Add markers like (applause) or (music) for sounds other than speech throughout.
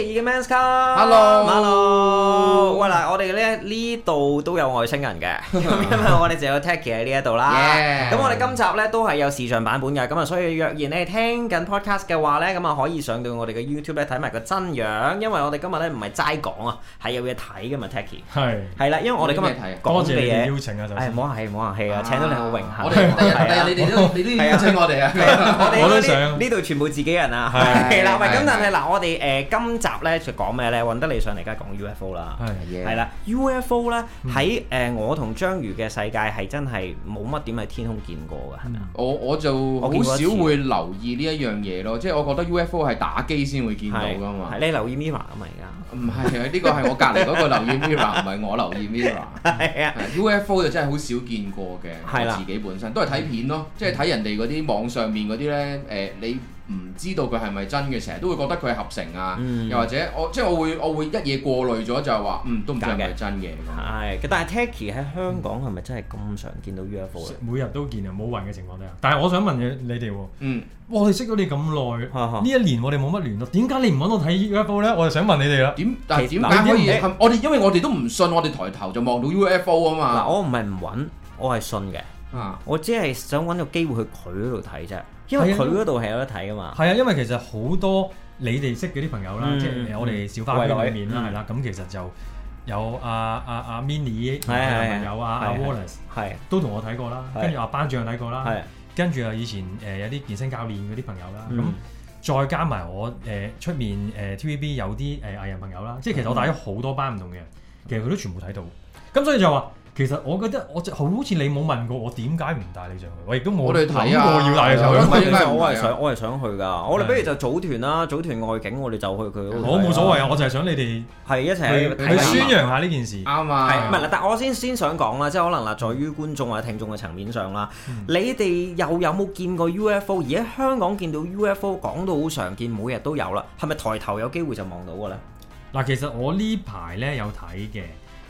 嘅 Men's Come，Hello，Hello，喂嗱，我哋咧呢度都有外星人嘅，咁因為我哋就有 Tecki 喺呢一度啦。咁我哋今集咧都係有視像版本嘅，咁啊所以若然你係聽緊 Podcast 嘅話咧，咁啊可以上到我哋嘅 YouTube 咧睇埋個真樣，因為我哋今日咧唔係齋講啊，係有嘢睇嘅嘛，Tecki。係，係啦，因為我哋今日講嘅嘢，邀請啊，係唔好客氣，唔好客氣啊，請到你好榮幸。我哋第日，第日你哋都，你都要請我哋啊。我都想呢度全部自己人啊，係啦，喂咁，但係嗱，我哋誒今。集咧就講咩咧？揾得你上嚟而家講 UFO 啦，係啦，UFO 咧喺誒我同章魚嘅世界係真係冇乜點喺天空見過㗎，係咪啊？我我就好少會留意呢一樣嘢咯，即係我覺得 UFO 係打機先會見到㗎嘛。係你留意 Mirror 㗎嘛？而家唔係啊，呢個係我隔離嗰個留意 Mirror，唔係我留意 Mirror。係啊，UFO 就真係好少見過嘅，我自己本身都係睇片咯，即係睇人哋嗰啲網上面嗰啲咧誒你。唔知道佢係咪真嘅，成日都會覺得佢係合成啊，嗯、又或者我即係、就是、我會我會一嘢過濾咗就係話，嗯都唔知係咪真嘅。係，但係 Tecki 喺香港係咪真係咁常見到 UFO？每日都見啊，冇雲嘅情況底下。但係我想問你哋，嗯，哇我哋識咗你咁耐，呢、啊啊、一年我哋冇乜聯絡，點解你唔揾我睇 UFO 咧？我就想問你哋啦。點？但係點解可以？我哋因為我哋都唔信，信，我哋抬頭就望到 UFO 啊嘛。嗱、啊，我唔係唔揾，我係信嘅。啊！我只係想揾個機會去佢嗰度睇啫，因為佢嗰度係有得睇噶嘛。係啊，因為其實好多你哋識嗰啲朋友啦，即係我哋小花園裡面啦，係啦。咁其實就有阿阿阿 Minnie 嘅朋友啊，阿 Wallace，係都同我睇過啦。跟住阿班長睇過啦。係跟住啊，以前誒有啲健身教練嗰啲朋友啦。咁再加埋我誒出面誒 TVB 有啲誒藝人朋友啦。即係其實我帶咗好多班唔同嘅人，其實佢都全部睇到。咁所以就話。其實我覺得我就好似你冇問過我點解唔帶你上去，我亦都冇。我哋睇啊！我要帶你上去。點解唔係想？我係想去㗎。我哋不如就組團啦，組團外景，我哋就去佢嗰度。我冇所謂啊！我就係想你哋係一齊去宣揚下呢件事。啱啊！係咪嗱？但我先先想講啦，即係可能嗱，在於觀眾或者聽眾嘅層面上啦，你哋又有冇見過 UFO？而家香港見到 UFO，講到好常見，每日都有啦。係咪抬頭有機會就望到㗎咧？嗱，其實我呢排咧有睇嘅。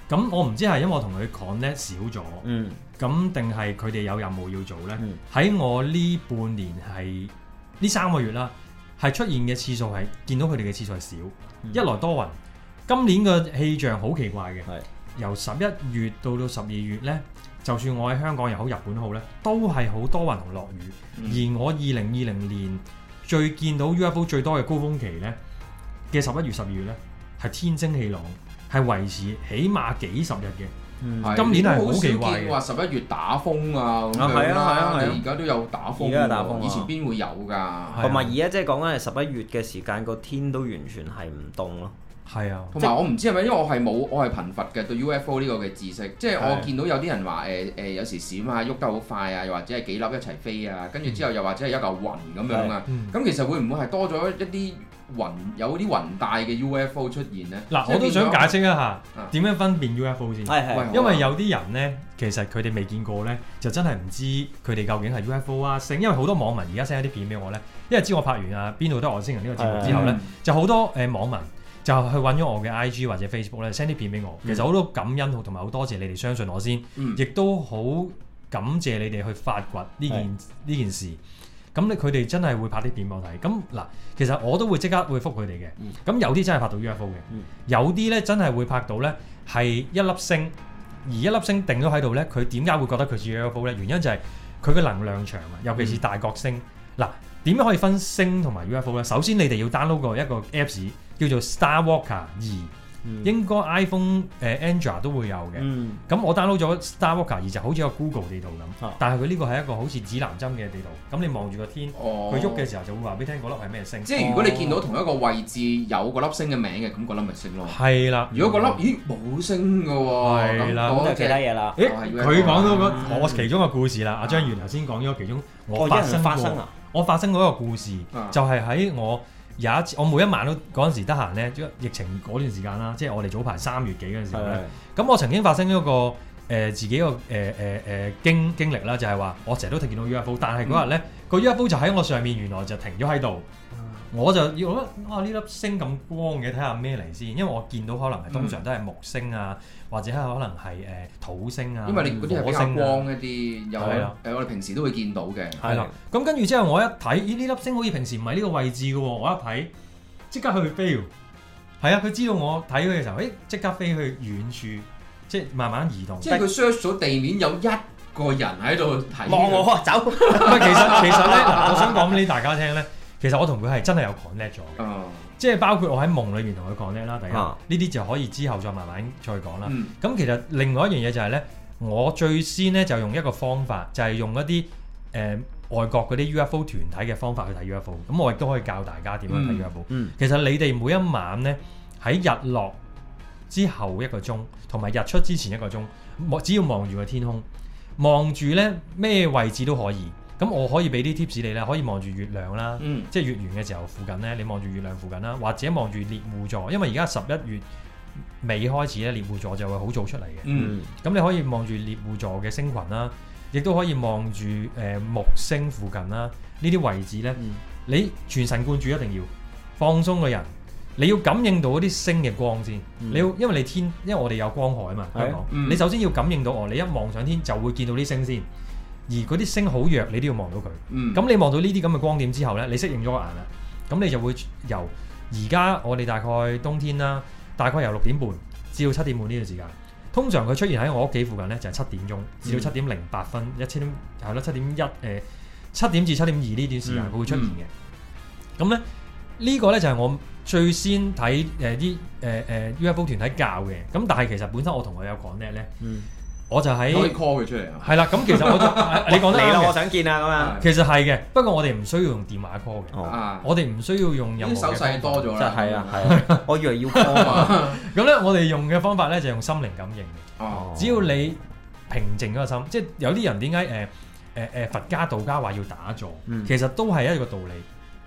咁我唔知係因為我同佢講呢少咗，咁定係佢哋有任務要做呢？喺、嗯、我呢半年係呢三個月啦，係出現嘅次數係見到佢哋嘅次數係少。嗯、一來多雲，今年嘅氣象好奇怪嘅，是由十一月到到十二月呢，就算我喺香港又好日本好呢，都係好多雲同落雨。嗯、而我二零二零年最見到 UFO 最多嘅高峰期呢，嘅十一月十二月呢，係天清氣朗。係維持起碼幾十日嘅。嗯、今年係好少見話十一月打風啊，咁樣啊啊啊你而家都有打風打、啊、風以前邊會有㗎？同埋而家即係講緊十一月嘅時間，個天都完全係唔凍咯。係啊，同埋、啊、我唔知係咪，因為我係冇我係貧乏嘅對 UFO 呢個嘅知識。即、就、係、是、我見到有啲人話誒誒，有時閃啊，喐得好快啊，又或者係幾粒一齊飛啊，跟住之後又或者係一嚿雲咁樣、嗯、啊。咁、哦、其實會唔會係多咗一啲？雲有啲雲大嘅 UFO 出現咧，嗱，我都想解釋一下點、啊、樣分辨 UFO 先、啊因啊，因為有啲人咧其實佢哋未見過咧，就真係唔知佢哋究竟係 UFO 啊 s 因為好多網民而家 send 啲片俾我咧，因為知我拍完啊邊度都有外星人呢個節目之後咧，嗯、就好多誒、呃、網民就去揾咗我嘅 IG 或者 Facebook 咧 send 啲片俾我。嗯、其實好多感恩好，同埋好多謝你哋相信我先，亦、嗯、都好感謝你哋去發掘呢件呢是件事。咁你佢哋真係會拍啲電報睇。咁嗱，其實我都會即刻會覆佢哋嘅。咁有啲真係拍到 UFO 嘅，有啲咧真係會拍到咧，係一粒星，而一粒星定咗喺度咧，佢點解會覺得佢似 UFO 咧？原因就係佢嘅能量場啊，尤其是大角星。嗱、嗯，點樣可以分星同埋 UFO 咧？首先你哋要 download 個一個 Apps 叫做 StarWalker 二。應該 iPhone 誒 Android 都會有嘅。咁我 download 咗 StarWalker 而就好似個 Google 地圖咁。但係佢呢個係一個好似指南針嘅地圖。咁你望住個天，佢喐嘅時候就會話俾你聽嗰粒係咩星。即係如果你見到同一個位置有個粒星嘅名嘅，咁嗰粒咪星咯。係啦。如果個粒咦冇星嘅喎。係啦，咁就其他嘢啦。誒，佢講到我其中嘅故事啦。阿張元頭先講咗其中我發生發生啊，我發生過一個故事，就係喺我。有一次，我每一晚都嗰陣時得閒咧，疫情嗰段時間啦，即係我哋早排三月幾嗰陣時咧，咁是的 我曾經發生一個誒、呃、自己個誒誒誒經經歷啦，就係、是、話我成日都睇見到 UFO，但係嗰日咧，個 UFO 就喺我上面，原來就停咗喺度。我就要得哇！呢粒星咁光嘅，睇下咩嚟先。因為我見到可能係通常都係木星啊，或者係可能係誒土星啊，因為你嗰啲係比較光一啲，又係誒我哋平時都會見到嘅。係啦，咁跟住之後我一睇，咦？呢粒星好似平時唔係呢個位置嘅喎，我一睇即刻去飛。係啊，佢知道我睇佢嘅時候，誒即刻飛去遠處，即係慢慢移動。即係佢 search 咗地面有一個人喺度睇。望我啊，走！唔其實其實咧，我想講俾大家聽咧。其實我同佢係真係有 connect 咗嘅，uh. 即係包括我喺夢裏面同佢 connect 啦。大家呢啲、uh. 就可以之後再慢慢再講啦。咁、uh. 其實另外一樣嘢就係、是、咧，我最先咧就用一個方法，就係、是、用一啲誒、呃、外國嗰啲 UFO 團體嘅方法去睇 UFO。咁我亦都可以教大家點樣睇 UFO。Uh. 其實你哋每一晚咧喺日落之後一個鐘，同埋日出之前一個鐘，望只要望住個天空，望住咧咩位置都可以。咁我可以俾啲 tips 你啦，可以望住月亮啦，即係、嗯、月圓嘅時候附近咧，你望住月亮附近啦，或者望住獵戶座，因為而家十一月尾開始咧，獵戶座就會好早出嚟嘅。咁、嗯、你可以望住獵戶座嘅星群啦，亦都可以望住誒木星附近啦，呢啲位置咧，嗯、你全神貫注，一定要放鬆個人，你要感應到嗰啲星嘅光先，嗯、你要因為你天，因為我哋有光海啊嘛，香港、嗯，你首先要感應到我，你一望上天就會見到啲星先。而嗰啲星好弱，你都要望到佢。咁、嗯、你望到呢啲咁嘅光點之後咧，你適應咗眼啦。咁你就會由而家我哋大概冬天啦，大概由六點半至到七點半呢段時間，通常佢出現喺我屋企附近咧，就係七點鐘至到七點零八分，一七點係咯，七點一誒七點至七點二呢段時間佢會出現嘅。咁咧、嗯嗯、呢、呢個咧就係我最先睇誒啲誒誒 UFO 團體教嘅。咁但係其實本身我同佢有講咧咧。嗯我就喺可以 call 佢出嚟。係啦，咁其實我就 (laughs) 你講得，我想見啊咁樣啊。其實係嘅，不過我哋唔需要用電話 call 嘅。哦、我哋唔需要用有啲、啊、手勢多咗啦。就在、嗯、啊，係、啊。 (laughs) 我以為要 call 啊嘛。咁咧，我哋用嘅方法咧就用心靈感應。哦，只要你平靜嗰個心，即、就、係、是、有啲人點解誒誒誒佛家道家話要打坐，其實都係一個道理。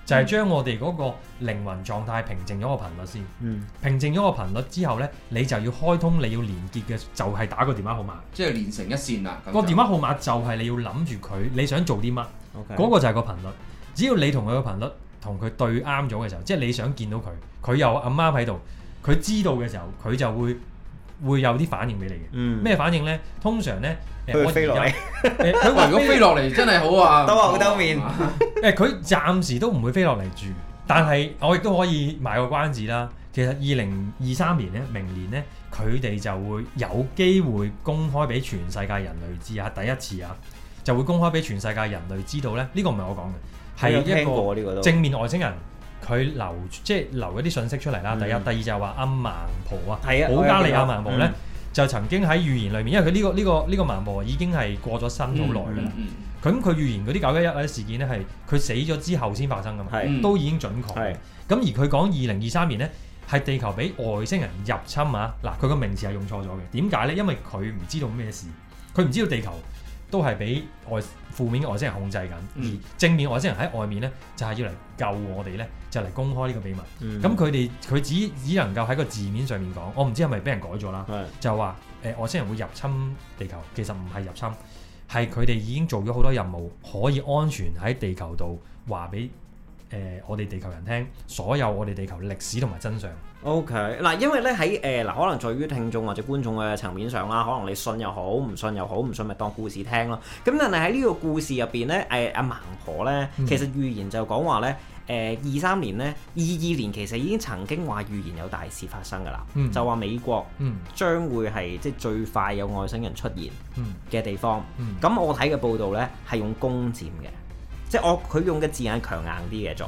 就係將我哋嗰個靈魂狀態平靜咗個頻率先，嗯、平靜咗個頻率之後呢，你就要開通你要連結嘅，就係、是、打個電話號碼，即係連成一線啦。個電話號碼就係你要諗住佢，你想做啲乜？嗰 Okay. 個就係個頻率。只要你同佢個頻率同佢對啱咗嘅時候，即係你想見到佢，佢有阿媽喺度，佢知道嘅時候，佢就會。會有啲反應俾你嘅，咩反應呢？通常呢，佢飛落嚟，佢、 (laughs) 呃、如果飛落嚟 (laughs) 真係好啊，都好兜面好、啊。誒、 (laughs) 呃，佢暫時都唔會飛落嚟住，但係我亦都可以賣個關子啦。其實二零二三年呢，明年呢，佢哋就會有機會公開俾全世界人類知啊，第一次啊，就會公開俾全世界人類知道呢。呢、呢個唔係我講嘅，係一個正面外星人。佢留即係留一啲信息出嚟啦。第一、嗯、第二就係話阿盲婆啊、保加利亞盲婆咧，嗯、就曾經喺預言裏面，因為佢呢、呢個呢、呢個呢、呢個盲婆已經係過咗身好耐啦。咁佢、嗯嗯嗯、預言嗰啲九一一啊事件咧係佢死咗之後先發生噶嘛，啊、都已經準確。咁、啊啊、而佢講二零二三年咧係地球俾外星人入侵啊！嗱，佢個名字係用錯咗嘅。點解咧？因為佢唔知道咩事，佢唔知道地球都係俾外。負面嘅外星人控制緊，而正面外星人喺外面呢，就係、是、要嚟救我哋呢，就嚟、是、公開呢個秘密。咁佢哋佢只只能夠喺個字面上面講，我唔知係咪俾人改咗啦，是的 就話誒、呃、外星人會入侵地球，其實唔係入侵，係佢哋已經做咗好多任務，可以安全喺地球度話俾。誒、呃，我哋地球人聽所有我哋地球歷史同埋真相。O K，嗱，因為咧喺誒嗱，可能在於聽眾或者觀眾嘅層面上啦，可能你信又好，唔信又好，唔信咪當故事聽咯。咁但係喺呢個故事入邊咧，誒、呃、阿盲婆咧，其實預言就講話咧，誒二三年咧，二二年其實已經曾經話預言有大事發生㗎啦，嗯、就話美國、嗯、將會係即係最快有外星人出現嘅地方。咁、嗯嗯、我睇嘅報道咧係用攻佔嘅。即係我佢用嘅字眼強硬啲嘅，在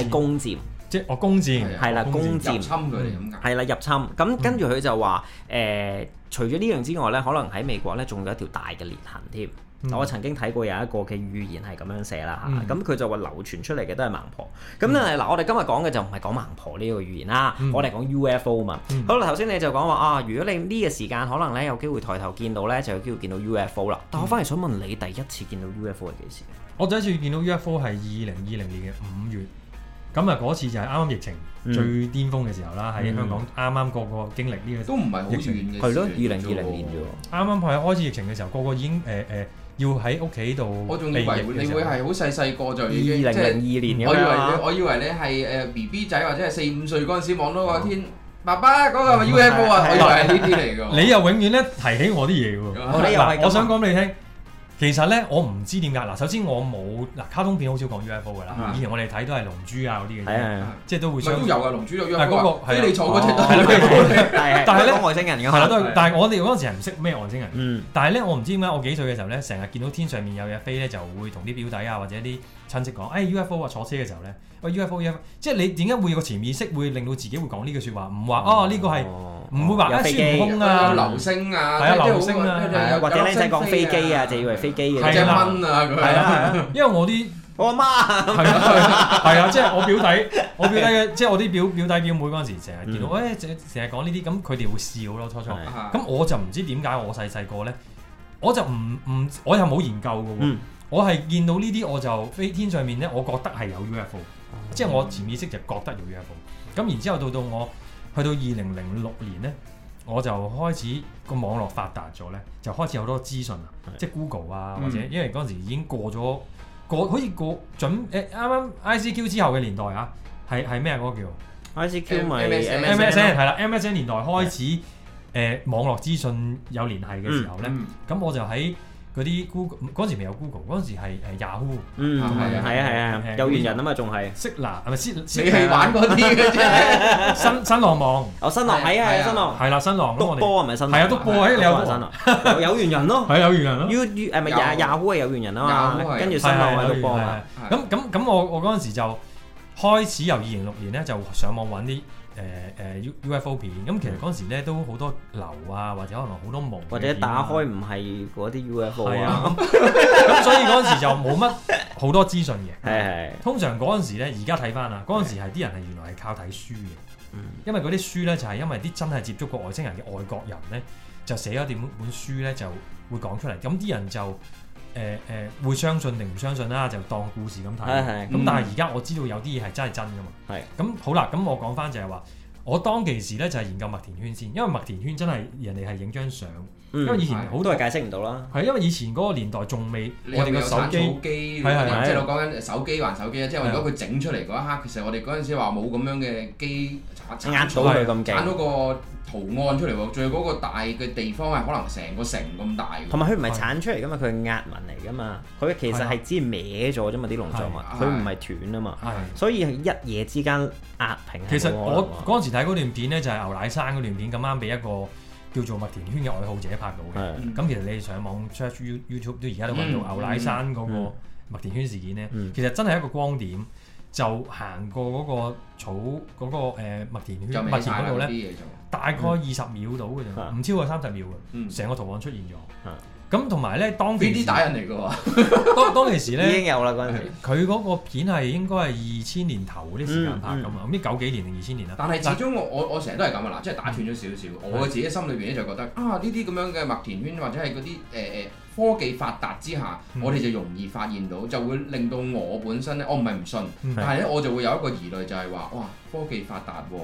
係攻佔，即係我攻佔係啦，攻佔入侵佢咁樣係啦，入侵咁跟住佢就話誒，除咗呢樣之外咧，可能喺美國咧仲有一條大嘅裂痕添。我曾經睇過有一個嘅預言係咁樣寫啦嚇，咁佢就話流傳出嚟嘅都係盲婆咁咧。嗱，我哋今日講嘅就唔係講盲婆呢個預言啦，我哋講 UFO 嘛。好啦，頭先你就講話啊，如果你呢個時間可能咧有機會抬頭見到咧，就有機會見到 UFO 啦。但我翻嚟想問你，第一次見到 UFO 係幾時？我第一次見到 U F O 係二零二零年嘅五月，咁啊嗰次就係啱啱疫情最巔峯嘅時候啦，喺香港啱啱個個經歷呢個都唔係好遠嘅，係咯，二零二零年啫喎，啱啱係開始疫情嘅時候，個個已經誒誒要喺屋企度。我仲以為你會係好細細個就二零零二年嘅，我以為我以為咧係誒 B B 仔或者係四五歲嗰陣時，望到個天爸爸嗰個 U F O 啊，我以為係呢啲嚟㗎。你又永遠咧提起我啲嘢喎，嗱，我想講俾你聽。其實咧，我唔知點解。嗱，首先我冇，嗱，卡通片好少講 UFO 嘅啦。嗯、以前我哋睇都係龍珠啊嗰啲嘅嘢，係係係即係都會。係都有啊，龍珠有 UFO。嗰、嗰個係我坐嗰出。係啦、哦，係。但係咧，外星人咁。係啦，但係我哋嗰陣時係唔識咩外星人。嗯、但係咧，我唔知點解我幾歲嘅時候咧，成日見到天上面有嘢飛咧，就會同啲表弟啊或者啲。親戚講：，誒 UFO 啊，坐車嘅時候咧，喂 UFO UFO，即係你點解會有個潛意識會令到自己會講呢句説話？唔話哦呢個係，唔會話啊，孫悟空啊，流星啊，係啊流星啊，或者你講飛機啊，就以為飛機嘅，蚊啊咁樣。因為我啲我阿媽係啊，係啊，即係我表弟，我表弟嘅，即係我啲表表弟表妹嗰陣時，成日見到，誒成日講呢啲，咁佢哋會笑咯初初。咁我就唔知點解我細細個咧，我就唔唔我又冇研究㗎喎。我係見到呢啲，我就飛天上面咧，我覺得係有 UFO，即係我潛意識就覺得有 UFO。咁然之後到到我去到二零零六年咧，我就開始個網絡發達咗咧，就開始好多資訊是啊，即係 Google 啊或者，因為嗰陣時已經過咗過好似過準誒，啱、呃、啱 ICQ 之後嘅年代啊，係係咩啊嗰，那個叫 ICQ 咪 MSN 係啦，MSN 年代開始誒 yeah.、呃、網絡資訊有聯繫嘅時候咧，咁、嗯嗯、我就喺。嗰啲 Google 嗰陣時未有 Google，嗰陣時係係 Yahoo。嗯，係啊係啊，有緣人啊嘛，仲係識嗱，係咪識？你係玩嗰啲嗰啲新新浪網。哦，新浪，係啊係啊，新浪。係啦，新浪咯，我哋。波啊，咪新。係啊，都波啊，你有冇新浪？有緣人咯。係有緣人咯。U U 誒咪 Yahoo 嘅有緣人啊嘛，跟住新浪咪都波啊。咁咁咁，我我嗰陣時就開始由二零六年咧，就上網揾啲。誒誒、呃呃、U U F O 片，咁其實嗰陣時咧都好多流啊，或者可能好多夢、啊，或者打開唔係嗰啲 U F O 啊，啊，咁 (laughs) 所以嗰陣時就冇乜好多資訊嘅。係是通常嗰陣時咧，而家睇翻啊，嗰陣時係啲人係原來係靠睇書嘅，是是因為嗰啲書咧就係、是、因為啲真係接觸過外星人嘅外國人咧，就寫咗啲本書咧就會講出嚟，咁啲人就。誒誒、呃，會相信定唔相信啦？就當故事咁睇。咁、嗯、但係而家我知道有啲嘢係真係真嘅嘛。係的。咁好啦，咁我講返就係話，我當其時咧就係研究麥田圈先，因為麥田圈真係人哋係影張相，嗯、因為以前好多係解釋唔到啦。係，因為以前嗰個年代仲未，有有有我哋個手機機，即係我講緊手機還手機啊！即、就、係、是、如果佢整出嚟嗰一刻，其實我哋嗰陣時話冇咁樣嘅機。壓到佢咁勁，鏟到個圖案出嚟喎。最嗰個大嘅地方係可能成個城咁大。同埋佢唔係鏟出嚟噶嘛，佢係壓紋嚟噶嘛。佢其實係之前歪咗啫嘛啲農作物，佢唔係斷啊嘛。所以係一夜之間壓平。其實我嗰陣時睇嗰段片咧，就係牛奶山嗰段片咁啱俾一個叫做麥田圈嘅愛好者拍到嘅。咁是的、嗯、其實你上網 search YouTube 都而家都揾到牛奶山嗰個麥田圈事件咧，其實真係一個光點。就行過嗰個草嗰個誒麥田圈，麥田嗰度咧，大概二十秒到嘅啫，唔超過三十秒嘅，成個圖案出現咗。咁同埋咧，當時呢啲打印嚟嘅喎，當當其時咧已經有啦，嗰陣時佢嗰個片係應該係二千年頭啲時間拍嘅嘛，咁呢九幾年定二千年啦。但係始終我我我成日都係咁啊嗱，即係打斷咗少少。我自己心裏邊咧就覺得啊，呢啲咁樣嘅麥田圈或者係嗰啲誒誒。科技發達之下，嗯、我哋就容易發現到，就會令到我本身咧，我唔係唔信，但係咧我就會有一個疑慮，就係話，哇，科技發達喎，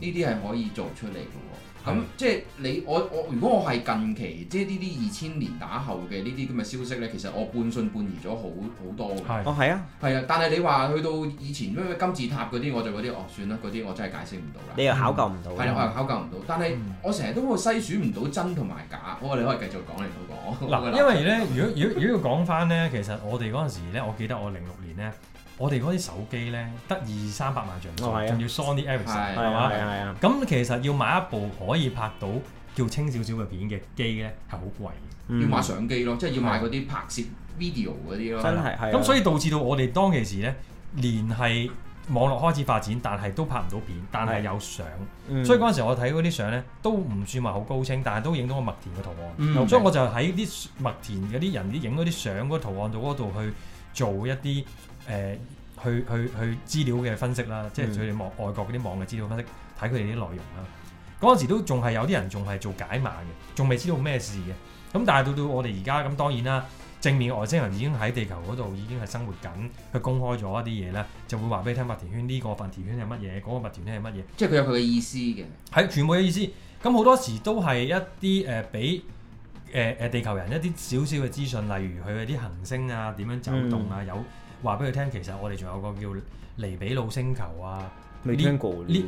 呢啲係可以做出嚟嘅喎。咁是、嗯、即係你我我如果我係近期即係呢啲二千年打後嘅呢啲咁嘅消息呢，其實我半信半疑咗好好多嘅。係啊的，係啊、哦，但係你話去到以前咩金字塔嗰啲，我就嗰啲哦算啦，嗰啲我真係解釋唔到啦。你又考究唔到？係我又考究唔到。但係我成日都篩選唔到真同埋假，我哋可以繼續講嚟好講。因為呢， (laughs) 如果如果要講翻呢，其實我哋嗰陣時咧，我記得我零六年呢。我哋嗰啲手機咧得二三百萬像素，仲 (music) 要 Sony Ericsson 係啊係啊係啊。咁 (music) 吧其實要買一部可以拍到叫清少少嘅片嘅機咧係好貴、嗯、要買相機咯，即係要買嗰啲拍攝 video 嗰啲咯。真係，咁所以導致到我哋當其時咧連係網絡開始發展，但係都拍唔到片，但係有相。的所以嗰陣時我睇嗰啲相咧都唔算話好高清，但係都影到個麥田嘅圖案。嗯、所以我就喺啲麥田嗰啲人啲影嗰啲相嗰個圖案度嗰度去做一啲。誒、呃、去去去資料嘅分析啦，即係佢哋網外國嗰啲網嘅資料分析，睇佢哋啲內容啦。嗰陣時都仲係有啲人仲係做解碼嘅，仲未知道咩事嘅。咁但係到到我哋而家咁當然啦，正面外星人已經喺地球嗰度已經係生活緊，佢公開咗一啲嘢啦，就會話俾你聽。麥田圈呢個麥田圈係乜嘢？嗰個麥田圈係乜嘢？即係佢有佢嘅意思嘅，係全部嘅意思。咁好多時都係一啲誒俾誒誒地球人一啲少少嘅資訊，例如佢啲行星啊點樣走動啊、嗯、有。話俾佢聽，其實我哋仲有個叫尼比魯星球啊，未聽過呢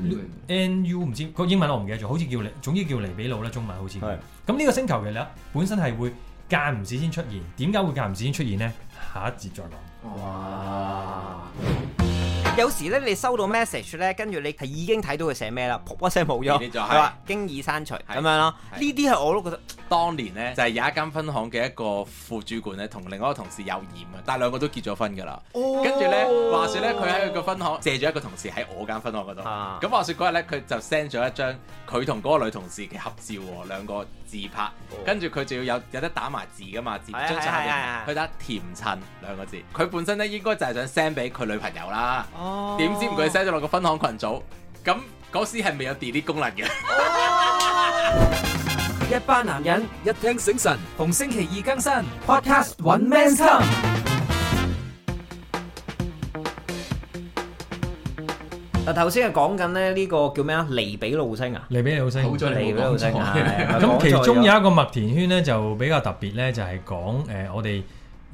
？NU 唔知個英文我唔記得咗，好似叫總之叫尼比魯啦，中文好似。咁呢是的、嗯，呢個星球嘅呢本身係會間唔時先出現，點解會間唔時先出現呢？下一節再講。哇有時咧，你收到 message 咧，跟住你係已經睇到佢寫咩啦，噗一聲冇咗，你就係啦，經已刪除咁是樣咯。呢啲係我都覺得，當年咧就係、是、有一間分行嘅一個副主管咧，同另外一個同事有染啊，但係兩個都結咗婚㗎啦。跟住咧，話說咧，佢喺佢個分行借咗一個同事喺我間分行嗰度。咁、啊、話說嗰日咧，佢就 send 咗一張佢同嗰個女同事嘅合照喎，兩個。自拍，跟住佢仲要有有得打埋字噶嘛，字張上下面佢、oh. 打甜襯兩個字，佢本身咧應該就係想 send 俾佢女朋友啦，點、oh. 知唔佢 send 咗落個分行群組，咁嗰時係未有 delete 功能嘅。Oh. (laughs) 一班男人一聽醒神，逢星期二更新 Podcast Men's Come。嗱，頭先係講緊咧呢個叫咩啊？尼比魯星啊，尼比魯星，尼比魯星。咁其中有一個麥田圈咧，就比較特別咧，就係講誒，我哋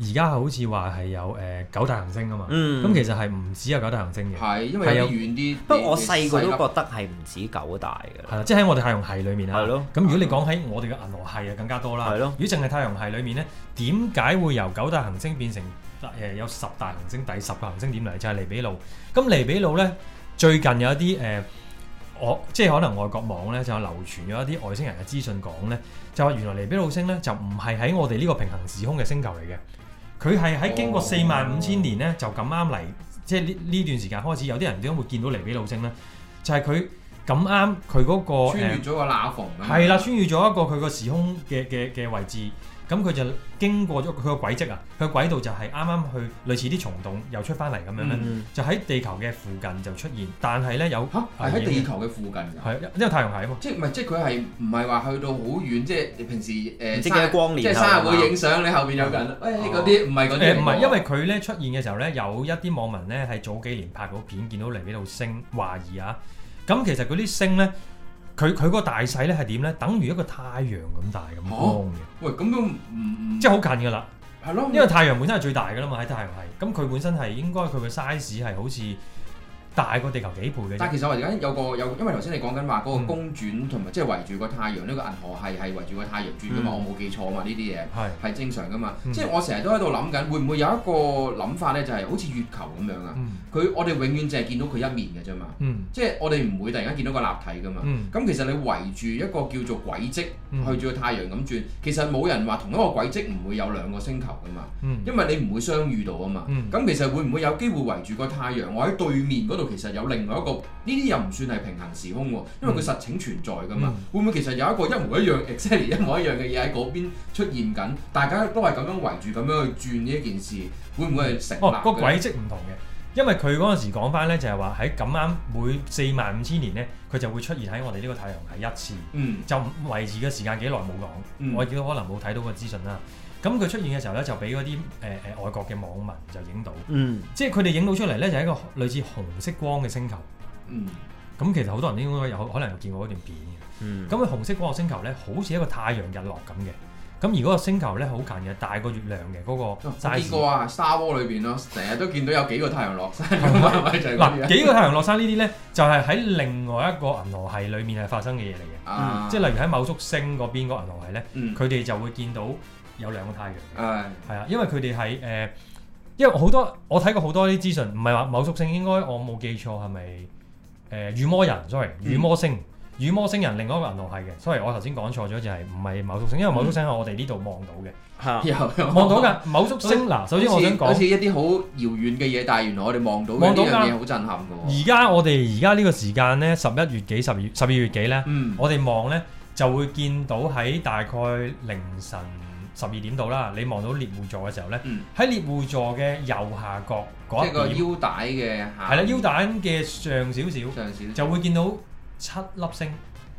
而家好似話係有誒九大行星啊嘛。咁其實係唔止有九大行星嘅，係因為有遠啲。不過我細個都覺得係唔止九大嘅。係啦，即喺我哋太陽系裏面啊，係咯。咁如果你講喺我哋嘅銀河系啊，更加多啦。係咯。如果淨係太陽系裏面咧，點解會由九大行星變成誒有十大行星？第十個行星點嚟？就係尼比魯。咁尼比魯咧？最近有一啲誒，我、呃、即係可能外國網咧，就流傳咗一啲外星人嘅資訊呢，講咧就話原來尼比魯星咧就唔係喺我哋呢個平行時空嘅星球嚟嘅，佢係喺經過四萬五千年咧就咁啱嚟，即係呢呢段時間開始有啲人點解會見到尼比魯星咧，就係佢咁啱佢嗰個穿越咗個那防、嗯，係啦，穿越咗一個佢個時空嘅嘅嘅位置。咁佢就經過咗佢個軌跡啊，佢個軌道就係啱啱去類似啲蟲洞又出翻嚟咁樣咧，嗯嗯就喺地球嘅附近就出現，但係咧有嚇，係喺地球嘅附近㗎，係因為太陽系啊嘛，即係唔係即係佢係唔係話去到好遠，即係你平時即三日光年，即係三日會影相，嗯、你後邊有緊，喂嗰啲唔係嗰啲，唔係因為佢咧出現嘅時候咧，有一啲網民咧係早幾年拍到片，見到嚟呢度升，懷疑啊，咁其實嗰啲星咧。佢佢個大細咧係點咧？等於一個太陽咁大咁、哦、光嘅。喂，咁都、嗯、即係好近噶啦。係咯，因為太陽本身係最大噶啦嘛，喺太陽系。咁佢本身係應該佢嘅 size 係好似，大過地球幾倍嘅？但其實我而家有個有，因為頭先你講緊話嗰個公轉同埋即係圍住個太陽，呢個銀河系係圍住個太陽轉噶嘛？我冇記錯嘛？呢啲嘢係正常噶嘛？即係我成日都喺度諗緊，會唔會有一個諗法咧？就係好似月球咁樣啊！佢我哋永遠淨係見到佢一面嘅啫嘛！即係我哋唔會突然間見到個立體噶嘛？咁其實你圍住一個叫做軌跡去住個太陽咁轉，其實冇人話同一個軌跡唔會有兩個星球噶嘛？因為你唔會相遇到啊嘛！咁其實會唔會有機會圍住個太陽，我喺對面嗰度？其實有另外一個呢啲又唔算係平行時空喎，因為佢實情存在噶嘛，嗯、會唔會其實有一個一模一樣 exactly 一模一樣嘅嘢喺嗰邊出現緊？大家都係咁樣圍住咁樣去轉呢一件事，會唔會係成立？哦，個軌跡唔同嘅，因為佢嗰陣時講翻咧就係話喺咁啱每四萬五千年咧，佢就會出現喺我哋呢個太陽系一次，嗯、就維持嘅時間幾耐冇講，我亦都可能冇睇到個資訊啦。咁佢出現嘅時候咧，就俾嗰啲誒誒外國嘅網民就影到，嗯、即係佢哋影到出嚟咧，就係一個類似紅色光嘅星球。咁、嗯、其實好多人都應該有可能有見過嗰段片嘅。咁佢、嗯、紅色光嘅星球咧，好似一個太陽日落咁嘅。咁而嗰個星球咧，好近嘅，大過月亮嘅嗰、那個、哦。呢個啊沙窩裏邊咯，成日都見到有幾個太陽落山。嗱、嗯、 (laughs) (laughs) 幾個太陽落山呢啲咧，就係、是、喺另外一個銀河系裏面係發生嘅嘢嚟嘅。嗯、即係例如喺某宿星嗰邊個銀河系咧，佢哋、嗯、就會見到。有兩個太陽，係，係啊，因為佢哋喺誒，因為好多我睇過好多啲資訊，唔係話某宿星，應該我冇記錯，係咪誒雨魔人？sorry，雨魔星、雨魔星人，另一個銀河系嘅，sorry，我頭先講錯咗，就係唔係某宿星，因為某宿星係我哋呢度望到嘅，有望到嘅某宿星。嗱、嗯，首先我想講，好似一啲好遙遠嘅嘢，但係原來我哋望到嘅一樣嘢好震撼嘅。而家我哋而家呢個時間咧，十一月幾、十二、十二月幾咧，嗯，我哋望咧就會見到喺大概凌晨。十二點到啦，你望到獵戶座嘅時候呢，嗯，喺獵戶座嘅右下角嗰一點，即係個腰帶嘅下，係啦，腰帶嘅上少少，上少少就會見到七粒星，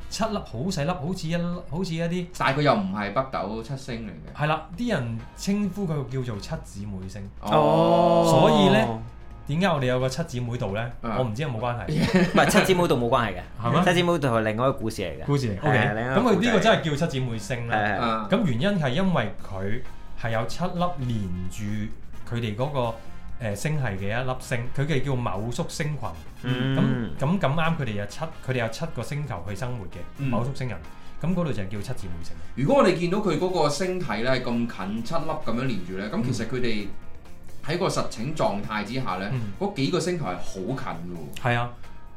七粒好細粒，好似一粒，好似一啲，但係佢又唔係北斗七星嚟嘅，係啦，啲人稱呼佢叫做七姊妹星，哦，所以呢。點解我哋有個七姊妹道咧？是的 我唔知有冇關係，唔係七姊妹道冇關係嘅，七姊妹道係嗎另外一個故事嚟嘅。故事嚟，咁佢呢個真係叫七姊妹星啦。咁的原因係因為佢係有七粒連住佢哋嗰個誒星系嘅一粒星，佢哋叫昴宿星群。咁咁咁啱，佢哋有七，佢哋有七個星球去生活嘅昴宿星人。咁嗰度就係叫七姊妹星。嗯、如果我哋見到佢嗰個星體咧，係咁近七粒咁樣連住咧，咁其實佢哋。喺個實情狀態之下呢嗰、嗯、幾個星球係好近嘅喎。係是啊，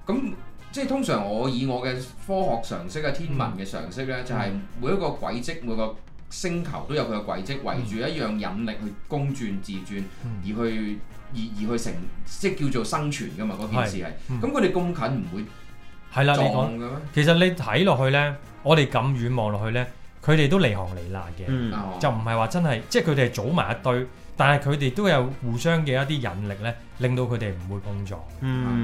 咁即係通常我以我嘅科學常識嘅天文嘅常識呢，嗯、就係每一個軌跡，每個星球都有佢嘅軌跡，圍住一樣引力去公轉自轉，嗯、而去而而去成即係叫做生存嘅嘛。嗰件事係，咁佢哋咁近唔會係啦、啊。你講，其實你睇落去呢，我哋咁遠望落去呢，佢哋都離行離立嘅、嗯嗯，就唔係話真係即係佢哋係組埋一堆。但係佢哋都有互相嘅一啲引力咧，令到佢哋唔會碰撞。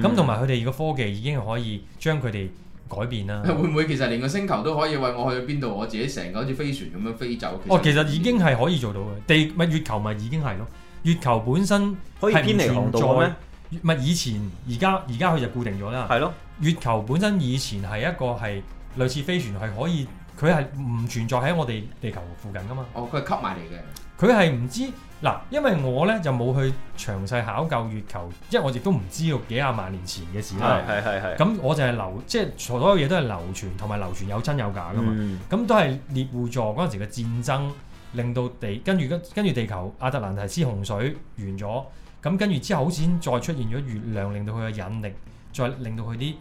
咁同埋佢哋個科技已經可以將佢哋改變啦。會唔會其實連個星球都可以為我去邊度？我自己成個好似飛船咁樣飛走。哦，其實已經係可以做到嘅。嗯、地咪月球咪已經係咯？月球本身可係唔存在咩？咪、嗯、以前而家而家佢就固定咗啦。係咯，月球本身以前係一個係類似飛船，係可以佢係唔存在喺我哋地球附近噶嘛？哦，佢係吸埋嚟嘅。佢係唔知。嗱，因為我咧就冇去詳細考究月球，因為我亦都唔知道幾廿萬年前嘅事啦。係係係。咁我就係流，即係所有嘢都係流傳，同埋流傳有真有假噶嘛。咁都係獵戶座嗰陣時嘅戰爭，令到地跟住跟跟住地球阿特蘭提斯洪水完咗。咁跟住之後，好似再出現咗月亮，令到佢嘅引力，再令到佢啲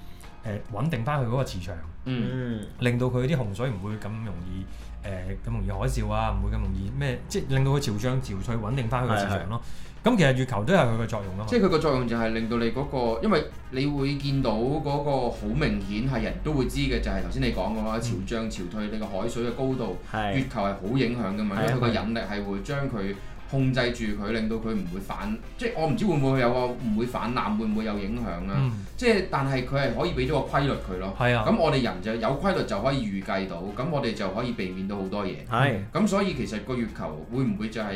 誒穩定翻去嗰個磁場。嗯。令到佢啲洪水唔會咁容易。誒咁、嗯、容易海嘯啊，唔會咁容易咩？即係令到佢潮漲潮退穩定翻佢個市場咯。咁是是 其實月球都有佢個作用㗎嘛。即係佢個作用就係令到你嗰、那個，因為你會見到嗰個好明顯係人都會知嘅，就係頭先你講嘅啦，潮漲潮退、嗯、你個海水嘅高度，月球係好影響㗎嘛，是啊、因為佢個引力係會將佢。控制住佢，令到佢唔會反，即係我唔知會唔會有個唔會反彈，會唔會有影響啊？嗯、即係但係佢係可以俾咗個規律佢咯。係是啊，咁我哋人就有規律就可以預計到，咁我哋就可以避免到好多嘢。係，咁所以其實個月球會唔會就係誒誒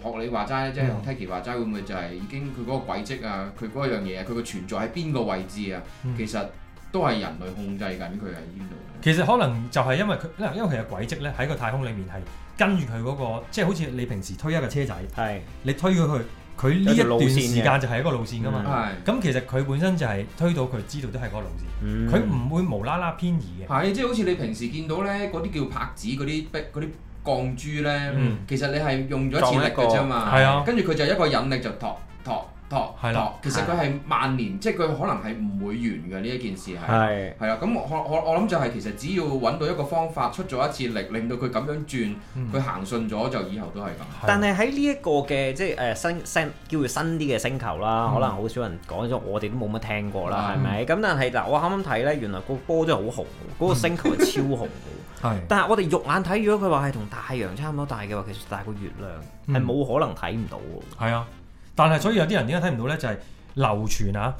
學你話齋，即係學 Tecki 話齋，會唔會就係已經佢嗰個軌跡啊，佢嗰樣嘢佢個存在喺邊個位置啊？嗯、其實。都係人類控制緊佢喺呢度。其實可能就係因為佢，因為其實軌跡咧喺個太空裡面係跟住佢嗰個，即係好似你平時推一個車仔，係你推佢去，佢呢一段時間就係一個路線㗎嘛。係咁，其實佢本身就係推到佢知道都係嗰個路線，佢唔會無啦啦偏移嘅、嗯。係即係好似你平時見到咧嗰啲叫拍子嗰啲啲鋼珠咧，嗯、其實你係用咗一啲力㗎啫嘛。係啊，跟住佢就一個引力就托。拖。哦，係啦，其實佢係萬年，即係佢可能係唔會完嘅呢一件事係，係啦。咁我我我諗就係其實只要揾到一個方法，出咗一次力，令到佢咁樣轉，佢行順咗就以後都係咁。但係喺呢一個嘅即係誒新叫佢新啲嘅星球啦，可能好少人講咗，我哋都冇乜聽過啦，係咪？咁但係嗱，我啱啱睇呢，原來個波真係好紅，嗰個星球係超紅嘅。但係我哋肉眼睇如果佢話係同太陽差唔多大嘅話，其實大過月亮係冇可能睇唔到嘅。係啊。但係，所以有啲人點解睇唔到呢？就係、是、流傳啊，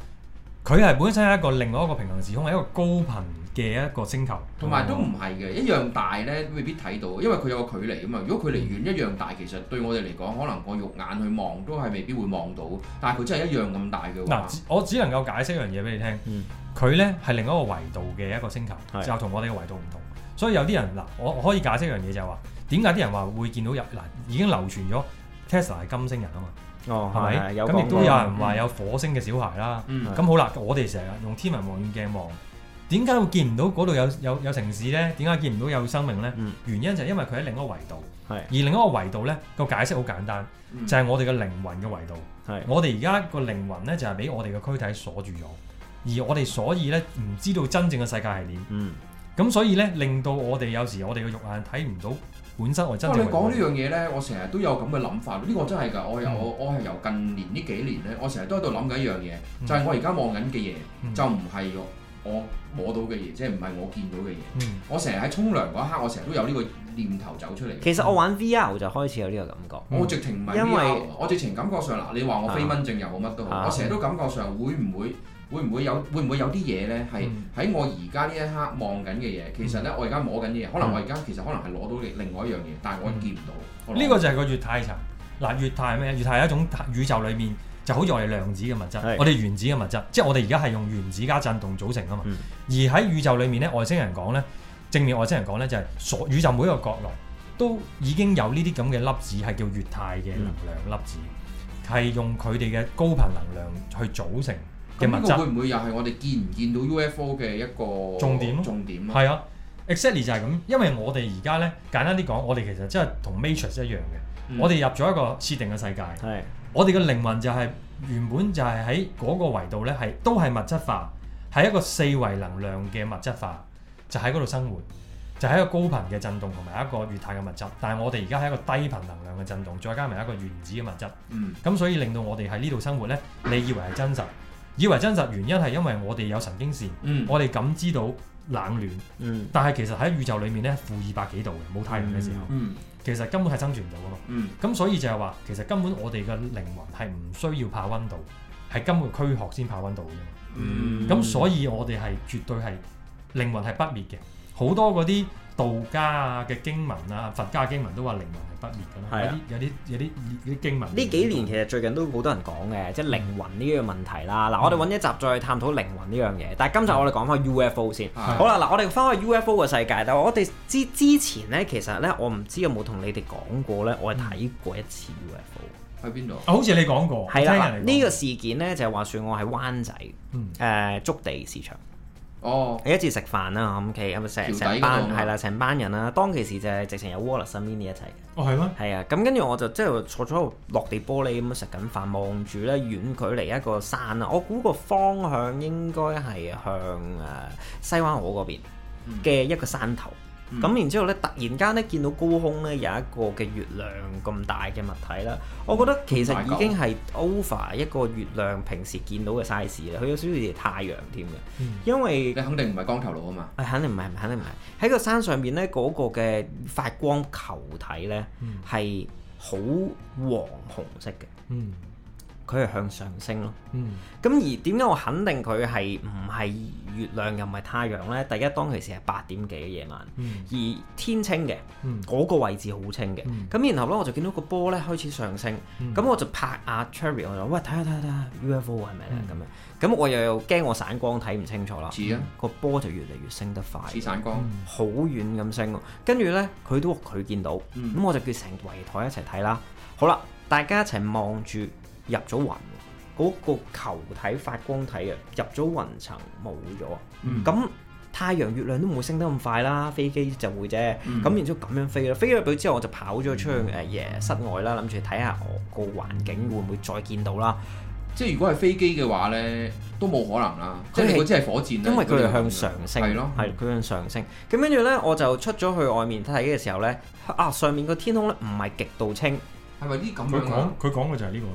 佢係本身係一個另外一個平行時空，係一個高頻嘅一個星球，同埋都唔係嘅一樣大呢，未必睇到，因為佢有個距離啊嘛。如果距離遠一樣大，其實對我哋嚟講，可能我肉眼去望都係未必會望到。但係佢真係一樣咁大嘅喎、嗯。我只能夠解釋一樣嘢俾你聽，佢呢係另一個維度嘅一個星球，就同我哋嘅維度唔同。是所以有啲人嗱，我可以解釋一樣嘢就係、是、話，點解啲人話會見到入嗱已經流傳咗 Tesla 係金星人啊嘛。哦，係，咁亦都有人話有火星嘅小孩啦。咁、嗯、好啦，我哋成日用天文望遠鏡望，點解會見唔到嗰度有有有城市呢？點解見唔到有生命呢？嗯、原因就係因為佢喺另一個維度。嗯、而另一個維度呢，個解釋好簡單，嗯、就係我哋嘅靈魂嘅維度。嗯、我哋而家個靈魂呢，就係、是、俾我哋嘅軀體鎖住咗，而我哋所以呢，唔知道真正嘅世界係點。嗯，咁所以呢，令到我哋有時我哋嘅肉眼睇唔到。本身我真係你講呢樣嘢呢，我成日都有咁嘅諗法。呢、這個真係㗎，我由、嗯、我係由近年呢幾年呢，我成日都喺度諗緊一樣嘢，就係、是、我而家望緊嘅嘢就唔係我摸到嘅嘢，即係唔係我見到嘅嘢。嗯、我成日喺沖涼嗰一刻，我成日都有呢個念頭走出嚟。其實我玩 VR 就開始有呢個感覺。嗯、我直情唔係 VR，< 因為 S 1> 我直情感覺上嗱，你話我飛蚊症又好乜都好，啊、我成日都感覺上會唔會？會唔會有？會唔會有啲嘢咧？係喺我而家呢一刻望緊嘅嘢，其實咧，我而家摸緊啲嘢。可能我而家其實可能係攞到另外一樣嘢，但係我見唔到。呢個就係個乙太層。嗱，乙太係咩？乙太係一種宇宙裡面就好似我哋量子嘅物質，是的 我哋原子嘅物質。即係我哋而家係用原子加振動組成啊嘛。而喺宇宙裡面咧，外星人講咧，正面外星人講咧，就係、是、所宇宙每一個角落都已經有呢啲咁嘅粒子係叫乙太嘅能量粒子，係用佢哋嘅高頻能量去組成。個會唔會又係我哋見唔見到 UFO 嘅一個重點？重點咯、啊，係、嗯、啊，exactly、啊、就係咁。因為我哋而家咧簡單啲講，我哋其實真係同 Matrix 一樣嘅。我哋入咗一個設定嘅世界，係、嗯、我哋嘅靈魂就係、是、原本就係喺嗰個維度咧，係都係物質化，係一個四維能量嘅物質化，就喺嗰度生活，就係、是、一個高頻嘅震動同埋一個液態嘅物質。但係我哋而家係一個低頻能量嘅震動，再加埋一個原子嘅物質。嗯，咁所以令到我哋喺呢度生活咧，你以為係真實。以為真實原因係因為我哋有神經線，嗯、我哋感知到冷暖，嗯、但係其實喺宇宙裡面咧，負二百幾度嘅冇太陽嘅時候，嗯、其實根本係生存唔到啊嘛。咁、嗯、所以就係話，其實根本我哋嘅靈魂係唔需要怕温度，係根本軀殼先怕温度嘅啫。咁、嗯、所以我哋係絕對係靈魂係不滅嘅，好多嗰啲。道家啊嘅經文啊，佛家經文都話靈魂係不滅嘅啦。係是的 有啲有啲有啲啲經文。呢幾年其實最近都好多人講嘅，即係靈魂呢個問題啦。嗱，嗯、我哋揾一集再去探討靈魂呢樣嘢。但係今集我哋講翻 UFO 先。是的 好啦，嗱，我哋翻去 UFO 嘅世界。但係是的 我哋之之前咧，其實咧，我唔知有冇同你哋講過咧，嗯、我係睇過一次 UFO。喺邊度？好似你講過，係啦。呢個事件咧就係話説我係灣仔，誒築、嗯呃、地市場。哦，係、oh. 一次食飯啦，咁 K，咁成成班係啦，成對班人啦，當其時就係直情有 Wallace Minnie 呢一齊。哦、oh，係咩？係啊，咁跟住我就即係坐咗落地玻璃咁食緊飯，望住咧遠距離一個山啊，我估個方向應該係向誒、呃、西灣河嗰邊嘅一個山頭。嗯咁然之後咧，突然間咧見到高空咧有一個嘅月亮咁大嘅物體啦，我覺得其實已經係 over 一個月亮平時見到嘅 size 啦，佢有少少似太陽添嘅，因為你肯定唔係光頭佬啊嘛，係肯定唔係，係肯定唔係。喺個山上面咧嗰個嘅發光球體咧係好黃紅色嘅。嗯佢係向上升咯，嗯，咁而點解我肯定佢係唔係月亮又唔係太陽呢？第一，當其時係八點幾嘅夜晚，而天清嘅嗰個位置好清嘅。咁然後呢，我就見到個波呢，開始上升，咁我就拍阿 Cherry，我就喂，睇下睇下睇下 UFO 係咪呢？咁樣？咁我又又驚我散光睇唔清楚啦。似個波就越嚟越升得快，散光好遠咁升。跟住呢，佢都佢見到，咁我就叫成圍台一齊睇啦。好啦，大家一齊望住。入咗雲，嗰、那個球體發光體嘅入咗雲層冇咗，咁、嗯、太陽月亮都唔會升得咁快啦，飛機就會啫。咁、嗯、然之後咁樣飛咧，飛咗去之後我就跑咗出去誒、嗯、室外啦，諗住睇下我個環境會唔會再見到啦。即係如果係飛機嘅話呢，都冇可能啦。即係我知係火箭，因為佢係向上升，係咯的，係佢、嗯、向上升。咁跟住呢，我就出咗去外面睇嘅時候呢，啊上面個天空呢唔係極度清，係咪啲咁樣？佢講佢講嘅就係呢、這個咯。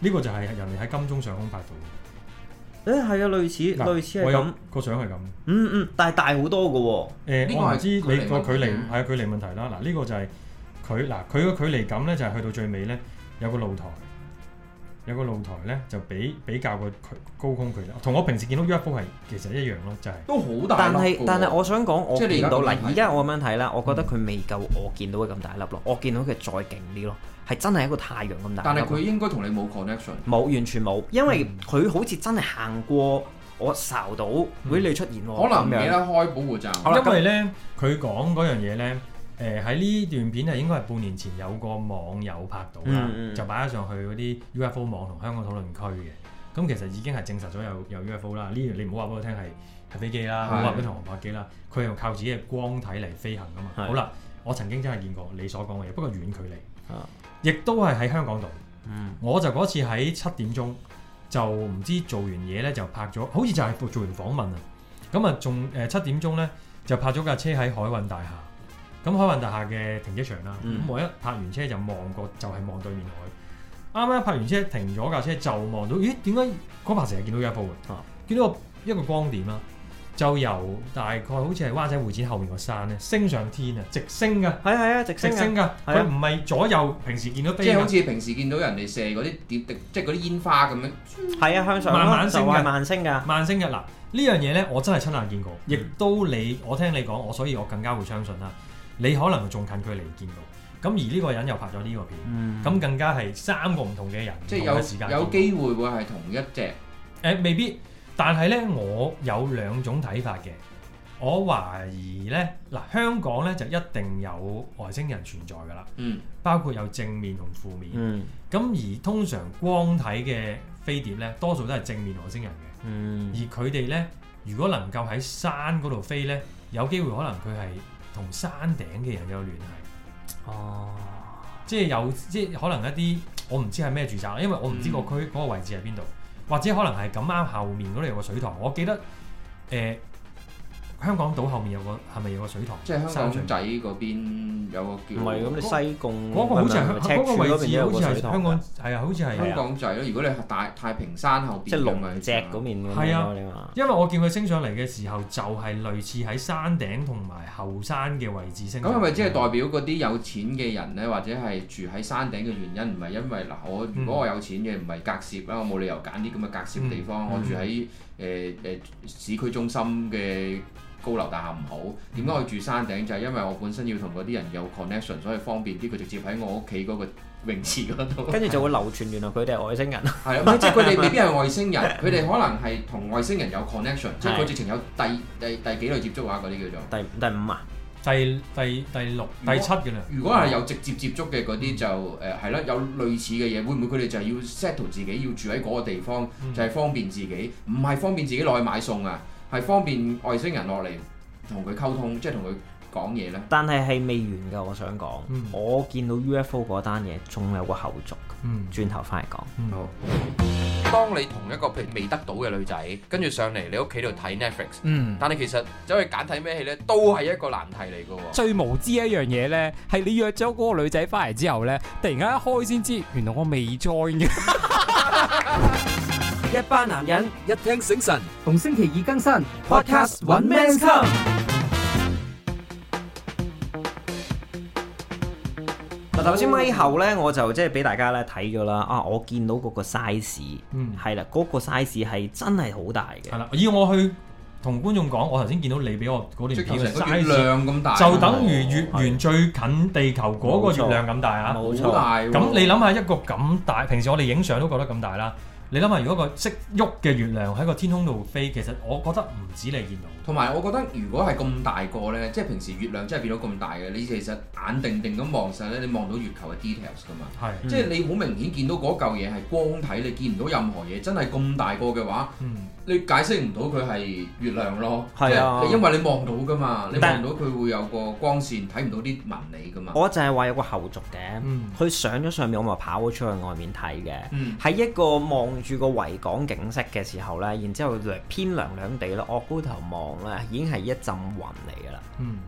呢個就係人哋喺金鐘上空拍到、欸。誒係啊，類似類似係咁個相係咁、嗯。嗯嗯，但係大好多嘅喎、哦欸。我唔知你個距離係距離問題啦。嗱，呢個就係佢嗱佢個距離感咧、欸，感啊這個、就係去、啊、到最尾咧有個露台，有個露台咧就比比較佢高空距離，同我平時見到 UFO 係其實一樣咯，就係、是、都好大但係但係我想講我見到嗱，而家我咁問睇啦，我覺得佢未夠我見到嘅咁大粒咯，嗯、我見到佢再勁啲咯。係真係一個太陽咁大，但係佢應該同你冇 connection，冇完全冇，因為佢好似真係行過我巢到，會、嗯哎、你出現喎。可能唔記得開保護站，因為咧，佢講嗰樣嘢咧，誒喺呢段片係應該係半年前有個網友拍到啦，嗯、就擺咗上去嗰啲 UFO 網同香港討論區嘅。咁其實已經係證實咗有有 UFO 啦。呢，你唔好話俾我聽係係飛機啦，唔好話俾同學拍機啦。佢又靠自己嘅光體嚟飛行噶嘛。是的 好啦，我曾經真係見過你所講嘅嘢，不過遠距離。嗯亦都係喺香港度，我就嗰次喺七點鐘就唔知做完嘢咧就拍咗，好似就係做完訪問啊。咁啊，仲誒七點鐘咧就拍咗架車喺海運大廈，咁海運大廈嘅停車場啦。咁、嗯、我一拍完車就望過，就係、是、望對面海。啱啱、嗯、拍完車停咗架車就望到，咦？點解嗰排成日見到依一幅嘅？啊，見到一個光點啦。就由大概好似係灣仔會展後面個山咧，升上天啊！直升噶，係係啊，直升，直升噶，佢唔係左右。平時見到即係好似平時見到人哋射嗰啲碟碟，即係嗰啲煙花咁樣。係啊，向上慢慢升，係慢升噶。慢升噶嗱，呢樣嘢咧，這個、我真係親眼見過。亦、嗯、都你，我聽你講，我所以，我更加會相信啦。你可能仲近距離見到，咁而呢個人又拍咗呢個片，咁、嗯、更加係三個唔同嘅人，即係有時間有機會會係同一隻，誒、呃、未必。但係咧，我有兩種睇法嘅。我懷疑咧，嗱，香港咧就一定有外星人存在㗎啦。嗯。包括有正面同負面。嗯。咁而通常光體嘅飛碟咧，多數都係正面外星人嘅。嗯。而佢哋咧，如果能夠喺山嗰度飛咧，有機會可能佢係同山頂嘅人有聯繫。嗯、哦。即係有，即係可能一啲我唔知係咩住宅，因為我唔知個區嗰個位置喺邊度。嗯或者可能係咁啱，後面嗰度有個水塘，我記得誒。欸香港島後面有個係咪有個水塘？即係香港仔嗰邊有個叫唔係咁，西貢嗰個好似係香嗰位置，好似係香港係啊，好似係香港仔咯。如果你係大太平山後邊，即農場脊嗰面，係啊，因為我見佢升上嚟嘅時候，就係類似喺山頂同埋後山嘅位置升。咁係咪即係代表嗰啲有錢嘅人咧，或者係住喺山頂嘅原因，唔係因為嗱，我如果我有錢嘅，唔係隔涉啦，我冇理由揀啲咁嘅隔涉地方，我住喺誒誒市區中心嘅。高樓大廈唔好，點解要住山頂？就係、是、因為我本身要同嗰啲人有 connection，所以方便啲。佢直接喺我屋企嗰個泳池嗰度。跟住就會流傳，原來佢哋係外星人。係啊， (laughs) 即係佢哋未必係外星人，佢哋 (laughs) 可能係同外星人有 connection，的即係佢直情有第第第幾類接觸啊？嗰啲叫做第五第五啊，第第第六果第七嘅啦。如果係有直接接觸嘅嗰啲，嗯、就誒係啦，有類似嘅嘢，會唔會佢哋就係要 settle 自己，要住喺嗰個地方，就係、是、方便自己，唔係方便自己落去買餸啊？嗯係方便外星人落嚟同佢溝通，即係同佢講嘢咧。但係係未完㗎，我想講，嗯、我見到 UFO 嗰單嘢仲有個後續。嗯，轉頭返嚟講。嗯、好。當你同一個譬如未得到嘅女仔跟住上嚟你屋企度睇 Netflix。嗯。但係其實走去揀睇咩戲咧，都係一個難題嚟㗎。最無知一樣嘢咧，係你約咗嗰個女仔返嚟之後咧，突然間一開先知，原來我未 join 嘅。 (laughs) (laughs) 一班男人一聽醒神，逢星期二更新 Podcast Men's Come 嗱，頭先咪後咧，我就即係俾大家咧睇咗啦。啊，我見到嗰個 size，嗯，係啦，嗰、那個 size 係真係好大嘅。係啦、嗯，要我去同觀眾講，我頭先見到你俾我嗰段片 size 量咁大，就等於月圓、哦、最近地球嗰個月亮咁大啊！冇錯錯，咁錯你諗下一個咁大，平時我哋影相都覺得咁大啦。你諗下，如果個識喐嘅月亮喺個天空度飛，其實我覺得唔止你見到。同埋我覺得，如果係咁大個呢，即係平時月亮真係變到咁大嘅，你其實眼定定咁望實呢，你望到月球嘅 details 㗎嘛？係即係你好明顯見到嗰嚿嘢係光體，你見唔到任何嘢。真係咁大個嘅話，嗯、你解釋唔到佢係月亮咯。係啊，因為你望到㗎嘛，你望到佢會有個光線，睇唔但到啲紋理㗎嘛。我就係話有個後續嘅，佢、嗯、上咗上面，我咪跑咗出去外面睇嘅。喺、嗯、一個望住個維港景色嘅時候呢，然之後略偏涼涼地咯，擲高頭望呢，已經係一陣雲嚟噶啦。嗯，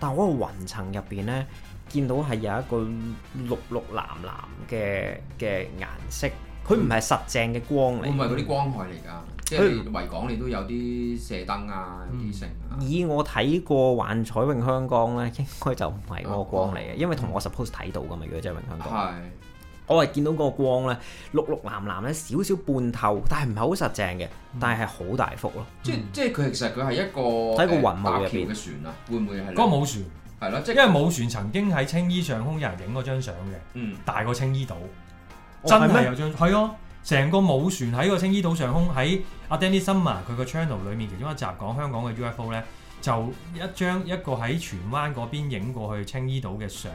但係嗰個雲層入邊呢，見到係有一個綠綠藍藍嘅嘅顏色，佢唔係實淨嘅光嚟。唔係嗰啲光害嚟㗎，嗯、即係維港你都有啲射燈啊，啲、嗯嗯、以我睇過幻彩詠香江呢，應該就唔係個光嚟嘅，嗯、因為同我 suppose 睇到㗎嘛，如果真係詠香江。我係見到個光咧，綠綠藍藍咧，少少半透，但係唔係好實淨嘅，但係係好大幅咯、嗯。即即係佢其實佢係一個喺個雲幕入嘅船啊，會唔會係？嗰個母船係咯，因為母船曾經喺青衣上空有人影過張相嘅，嗯，大過青衣島真係有張，係啊，成個母船喺個青衣島上空喺阿 Danny Summer 佢個 channel 裏面其中一集講香港嘅 UFO 咧，就一張一個喺荃灣嗰邊影過去青衣島嘅相。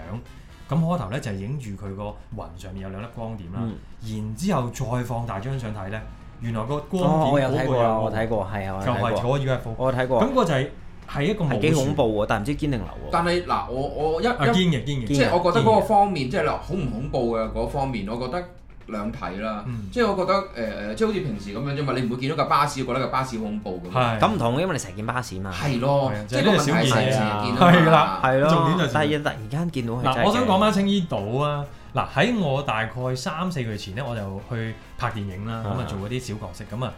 咁開頭咧就係影住佢個雲上面有兩粒光點啦，然之後再放大張相睇咧，原來個光點我有睇過啊，我睇過，係啊，我睇過，就係坐 UFO，我睇過。咁個就係係一個冇，係幾恐怖喎，但係唔知堅定流喎。但係嗱，我我一堅嘅堅嘅，即係我覺得嗰個方面，即係咧恐唔恐怖嘅嗰方面，我覺得。兩睇啦，嗯、即係我覺得誒誒、呃，即係好似平時咁樣啫嘛，你唔會見到架巴士，我覺得架巴士恐怖咁。係咁唔同，因為你成日見巴士嘛。係咯的，即係個問題係見到。係啦，係咯。重點就係。但係突然間見到佢、啊，我想講翻青衣島啊！嗱，喺我大概三四個月前咧，我就去拍電影啦，咁啊做嗰啲小角色咁啊，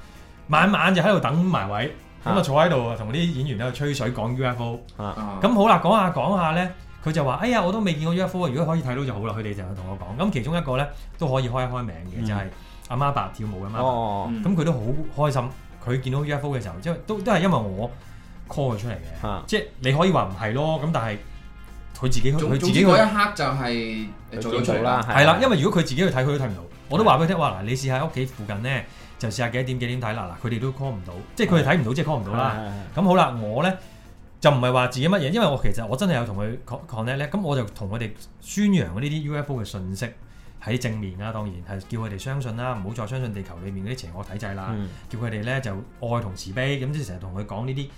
晚晚就喺度等埋位，咁啊的坐喺度啊，同啲演員喺度吹水講 UFO。啊咁好啦，講下講下咧。佢就話，哎呀，我都未見過 UFO，如果可以睇到就好啦。佢哋就同我講，咁、嗯、其中一個咧都可以開一開名嘅，就係、是、阿媽伯跳舞嘅阿媽咁佢都好開心，佢見到 UFO 嘅時候，即係都都係因為我 call 佢出嚟嘅，啊、即係你可以話唔係咯。咁但係佢自，還自己去，佢自己嗰一刻就係做咗做啦。係啦，因為如果佢自己去睇，佢都睇唔到。我都話畀佢聽，話嗱的，你試下屋企附近咧，就試下幾點幾點睇。嗱嗱，佢哋都 call 唔到，即係佢哋睇唔到，嗯、即係 call 唔到啦。咁好啦，我咧。就唔係話自己乜嘢，因為我其實我真係有同佢 connect 咧，咁我就同佢哋宣揚呢啲 UFO 嘅信息喺正面啦、啊，當然係叫佢哋相信啦，唔好再相信地球裏面嗰啲邪惡體制啦，嗯、叫佢哋咧就愛同慈悲，咁即係成日同佢講呢啲，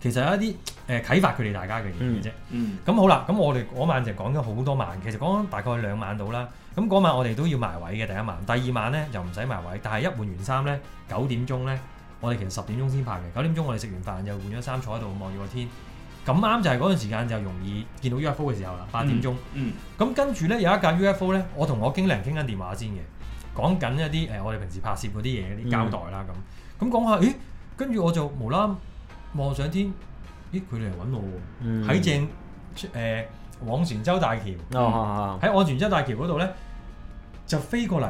其實有一啲誒、呃、啟發佢哋大家嘅嘢嘅啫。咁、嗯嗯、好啦，咁我哋嗰晚就講咗好多晚，其實講大概兩晚到啦。咁嗰晚我哋都要埋位嘅第一晚，第二晚咧又唔使埋位，但係一換完衫咧，九點鐘咧，我哋其實十點鐘先拍嘅。九點鐘我哋食完飯又換咗衫坐喺度望住個天。咁啱就係嗰段時間就容易見到 UFO 嘅時候啦，八點鐘、嗯。嗯。咁跟住咧有一架 UFO 咧，我同我經理人傾緊電話先嘅，講緊一啲誒我哋平時拍攝嗰啲嘢啲交代啦咁。咁、嗯、講下，咦？跟住我就無啦望上天，咦？佢嚟搵我喎，喺、嗯、正誒、呃、昂船洲大橋，喺昂船洲大橋嗰度咧就飛過嚟。咁、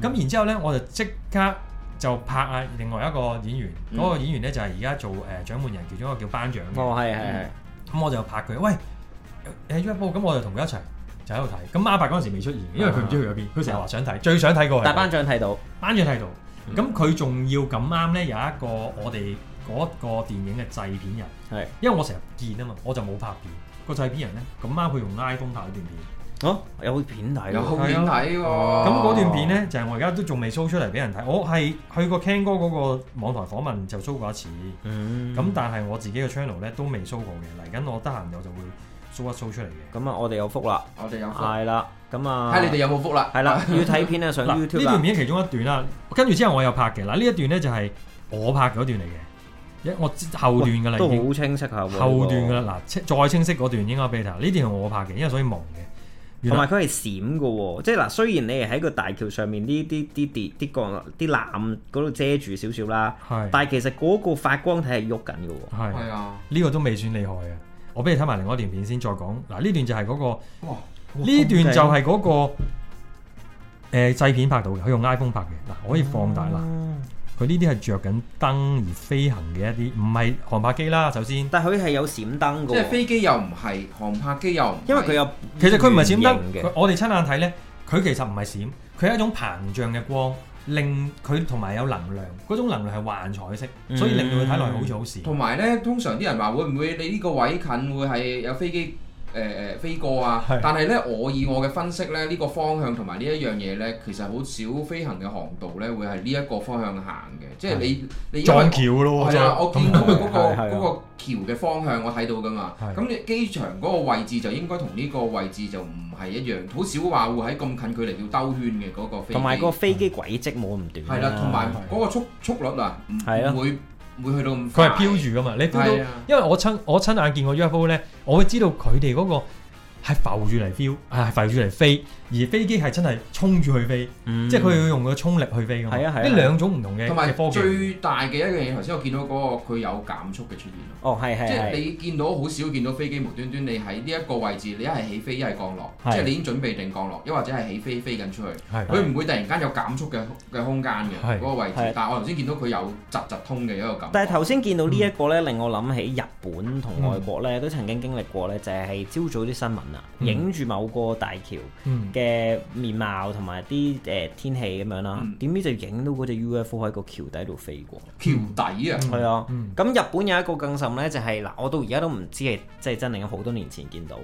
嗯嗯、然之後咧我就即刻。就拍啊！另外一個演員，嗰、嗰個演員咧就係而家做誒獎、呃、門人其中一個叫班長哦，係係係。咁我就拍佢，喂 i p h 咁我就同佢一齊就喺度睇。咁阿伯嗰陣時未出現，因為佢唔知去咗邊。佢成日話想睇，的最想睇個但係班長睇到，班長睇到。咁佢仲要咁啱咧，有一個我哋嗰個電影嘅製片人。係。嗯、因為我成日見啊嘛，我就冇拍片。個製片人咧咁啱佢用 iPhone 拍段片。啊！有片睇，有片睇喎。咁嗰、嗯嗯嗯、段片咧，就係、是、我而家都仲未 show 出嚟俾人睇。我係去個 Ken 哥嗰個網台訪問就 show 過一次。咁、嗯、但係我自己嘅 channel 咧都未 show 過嘅。嚟緊我得閒我就會 show 一 show 出嚟嘅。咁、嗯、啊，我哋有福啦。我哋有福。係啦。咁啊。睇你哋有冇福啦？係啦。要睇片啊，上 YouTube 啦。嗱，呢段片其中一段啦。跟住之後我又拍嘅嗱，呢一段咧就係我拍嗰段嚟嘅。一我,我後段嘅啦。都好清晰下喎。後段㗎啦嗱，再清晰嗰段應該俾你睇。呢段係我拍嘅，因為所以蒙嘅。同埋佢係閃嘅，即係嗱，雖然你係喺個大橋上面，呢啲啲碟啲鋼啲纜嗰度遮住少少啦，係，但係其實嗰個發光體係喐緊嘅喎。係啊，呢個都未算厲害嘅。我俾你睇埋另外一段片先，再講嗱，呢段就係嗰個，呢段就係嗰個誒製片拍到嘅，佢用 iPhone 拍嘅，嗱，可以放大啦。嗯佢呢啲係着緊燈而飛行嘅一啲，唔係航拍機啦。首先，但係佢係有閃燈嘅，即係飛機又唔係，航拍機又因為佢有，其實佢唔係閃燈。我哋親眼睇咧，佢其實唔係閃，佢係一種膨脹嘅光，令佢同埋有能量，嗰種能量係幻彩色，所以令到佢睇落去好似好閃。同埋咧，通常啲人話會唔會你呢個位近會係有飛機？誒誒、嗯欸、飛過啊！但係咧，我以我嘅分析咧，呢、嗯、個方向同埋呢一樣嘢咧，其實好少飛行嘅航道咧會係呢一個方向行嘅，即係你你撞橋咯喎！係啊，我見到佢、那、嗰個嗰、那個那個、橋嘅方向，我睇到噶嘛。咁你機場嗰個位置就應該同呢個位置就唔係一樣，好少話會喺咁近距離要兜圈嘅嗰個飛同埋個飛機軌跡冇咁短。係啦，同埋嗰個速速率啊，唔會。佢係飄住噶嘛？你 feel 到，是啊、因為我親我親眼見過 UFO 咧，我會知道佢哋嗰個係浮住嚟飄，係浮住嚟飛。而飛機係真係衝住去飛，即係佢要用個衝力去飛咁。係啊係啊，呢兩種唔同嘅科技。同埋最大嘅一樣嘢，頭先我見到嗰個佢有減速嘅出現哦，係係，即係你見到好少見到飛機無端端你喺呢一個位置，你一係起飛一係降落，即係你已經準備定降落，又或者係起飛飛緊出去。佢唔會突然間有減速嘅嘅空間嘅嗰個位置，但係我頭先見到佢有窒窒通嘅一個感覺。但係頭先見到呢一個咧，令我諗起日本同外國咧都曾經經歷過咧，就係朝早啲新聞啊，影住某個大橋嘅面貌同埋啲誒天氣咁樣啦，點知、嗯、就影到嗰隻 UFO 喺個橋底度飛過。橋底、嗯、啊，係啊、嗯，咁日本有一個更甚呢，就係、是、嗱，我到而家都唔知係即係真定好多年前見到。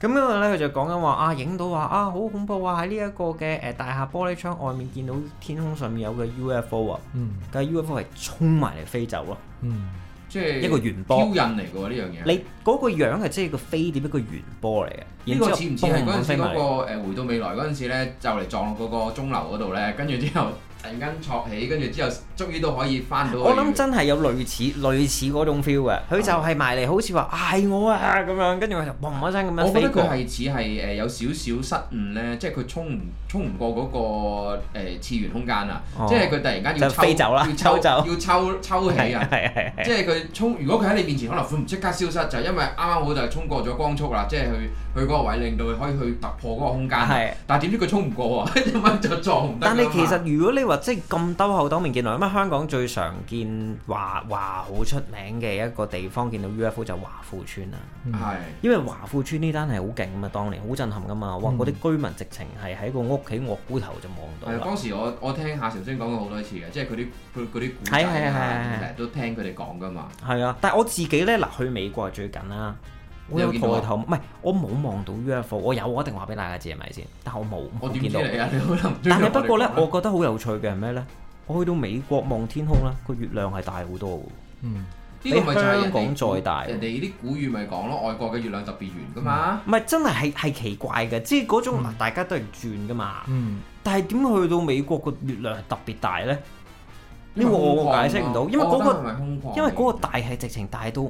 咁因為呢，佢就講緊話啊，影到話啊，好恐怖啊！喺呢一個嘅誒大廈玻璃窗外面見到天空上面有個 UFO 啊、嗯，個 UFO 係衝埋嚟飛走咯。嗯嗯即係一個圓波，雕印嚟嘅喎呢樣嘢。你嗰個樣係即係個飛碟一個圓波嚟嘅，呢個似唔似係嗰陣時嗰個誒回到未來嗰陣時咧，就嚟撞落嗰個鐘樓嗰度咧，跟住之後。突然間駁起，跟住之後，終於都可以翻到。我諗真係有類似類似嗰種 feel 嘅，佢就係埋嚟，好似話係我啊咁樣，跟住我佢嘣一聲咁樣飛。我覺得佢係似係誒有少少失誤咧，即係佢衝唔衝唔過嗰個誒次元空間啊！哦、即係佢突然間要抽飛走啦抽走，要抽走，要抽抽起啊！ (laughs) 即係佢衝，如果佢喺你面前，可能佢唔即刻消失，就係、是、因為啱啱好就衝過咗光速啦，即係去去嗰個位，令到佢可以去突破嗰個空間。 (laughs) 但係點知佢衝唔過啊，一 (laughs) 掹就撞唔得。但係其實如果你即係咁兜口兜面見來，咁啊香港最常見華華好出名嘅一個地方，見到 UFO 就華富村啦。係、嗯，因為華富村呢單係好勁㗎嘛，當年好震撼噶嘛，哇！啲居民直情係喺個屋企卧菇頭就望到。誒、嗯，當時我我聽夏朝星講過好多次嘅，即係佢啲佢嗰啲古仔啊，成日都聽佢哋講噶嘛。係啊，但係我自己呢，嗱，去美國係最近啦。我有抬頭，唔係我冇望到 UFO，我有我一定話俾大家知係咪先？但係我冇，我點知你啊？你好似唔中意。但係不過咧，我覺得好有趣嘅係咩咧？我去到美國望天空咧，個月亮係大好多嘅。嗯，呢個咪就係香港再大。人哋啲古語咪講咯，外國嘅月亮特別圓噶嘛。唔係真係係係奇怪嘅，即係嗰種大家都係轉噶嘛。嗯。但係點去到美國個月亮係特別大咧？呢個我解釋唔到，因為嗰個因為嗰個大係直情大到。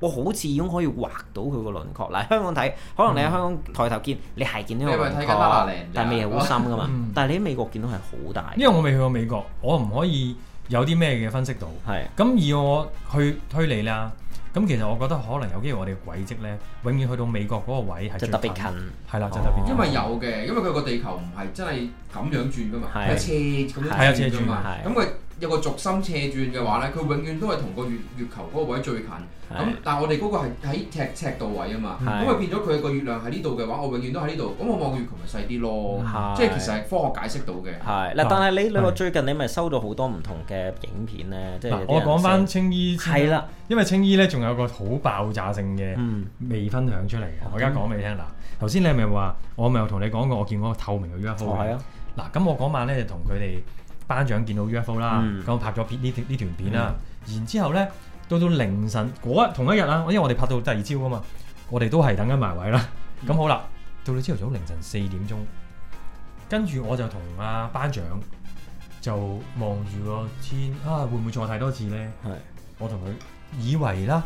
我好似已經可以畫到佢個輪廓。嗱，香港睇，可能你喺香港抬頭見，你係見到個輪廓，但係未係好深噶嘛。但係你喺美國見到係好大。因為我未去過美國，我唔可以有啲咩嘅分析到。係。咁以我去推理啦。咁其實我覺得可能有機會我哋嘅軌跡咧，永遠去到美國嗰個位係特別近。係啦，就特別。因為有嘅，因為佢個地球唔係真係咁樣轉噶嘛，係車轉咁佢。有個軸心斜轉嘅話咧，佢永遠都係同個月月球嗰個位最近。咁但係我哋嗰個係喺赤赤道位啊嘛，咁咪變咗佢個月亮喺呢度嘅話，我永遠都喺呢度。咁我望個月球咪細啲咯？即係其實係科學解釋到嘅。係嗱，但係你兩個最近你咪收到好多唔同嘅影片咧。嗱，我講翻青衣。係啦，因為青衣咧仲有個好爆炸性嘅未分享出嚟嘅，我而家講俾你聽。嗱，頭先你係咪話我咪有同你講過？我見嗰個透明嘅 UFO。哦，嗱，咁我嗰晚咧就同佢哋。班長見到 UFO 啦、嗯，咁拍咗呢呢段片啦，嗯、然之後咧，到到凌晨嗰同一日啊，因為我哋拍到第二朝啊嘛，我哋都係等緊埋位啦。咁、嗯、好啦，到咗朝頭早凌晨四點鐘，跟住我就同阿班長就望住個天啊，會唔會再睇多次咧？係，是的 我同佢以為啦，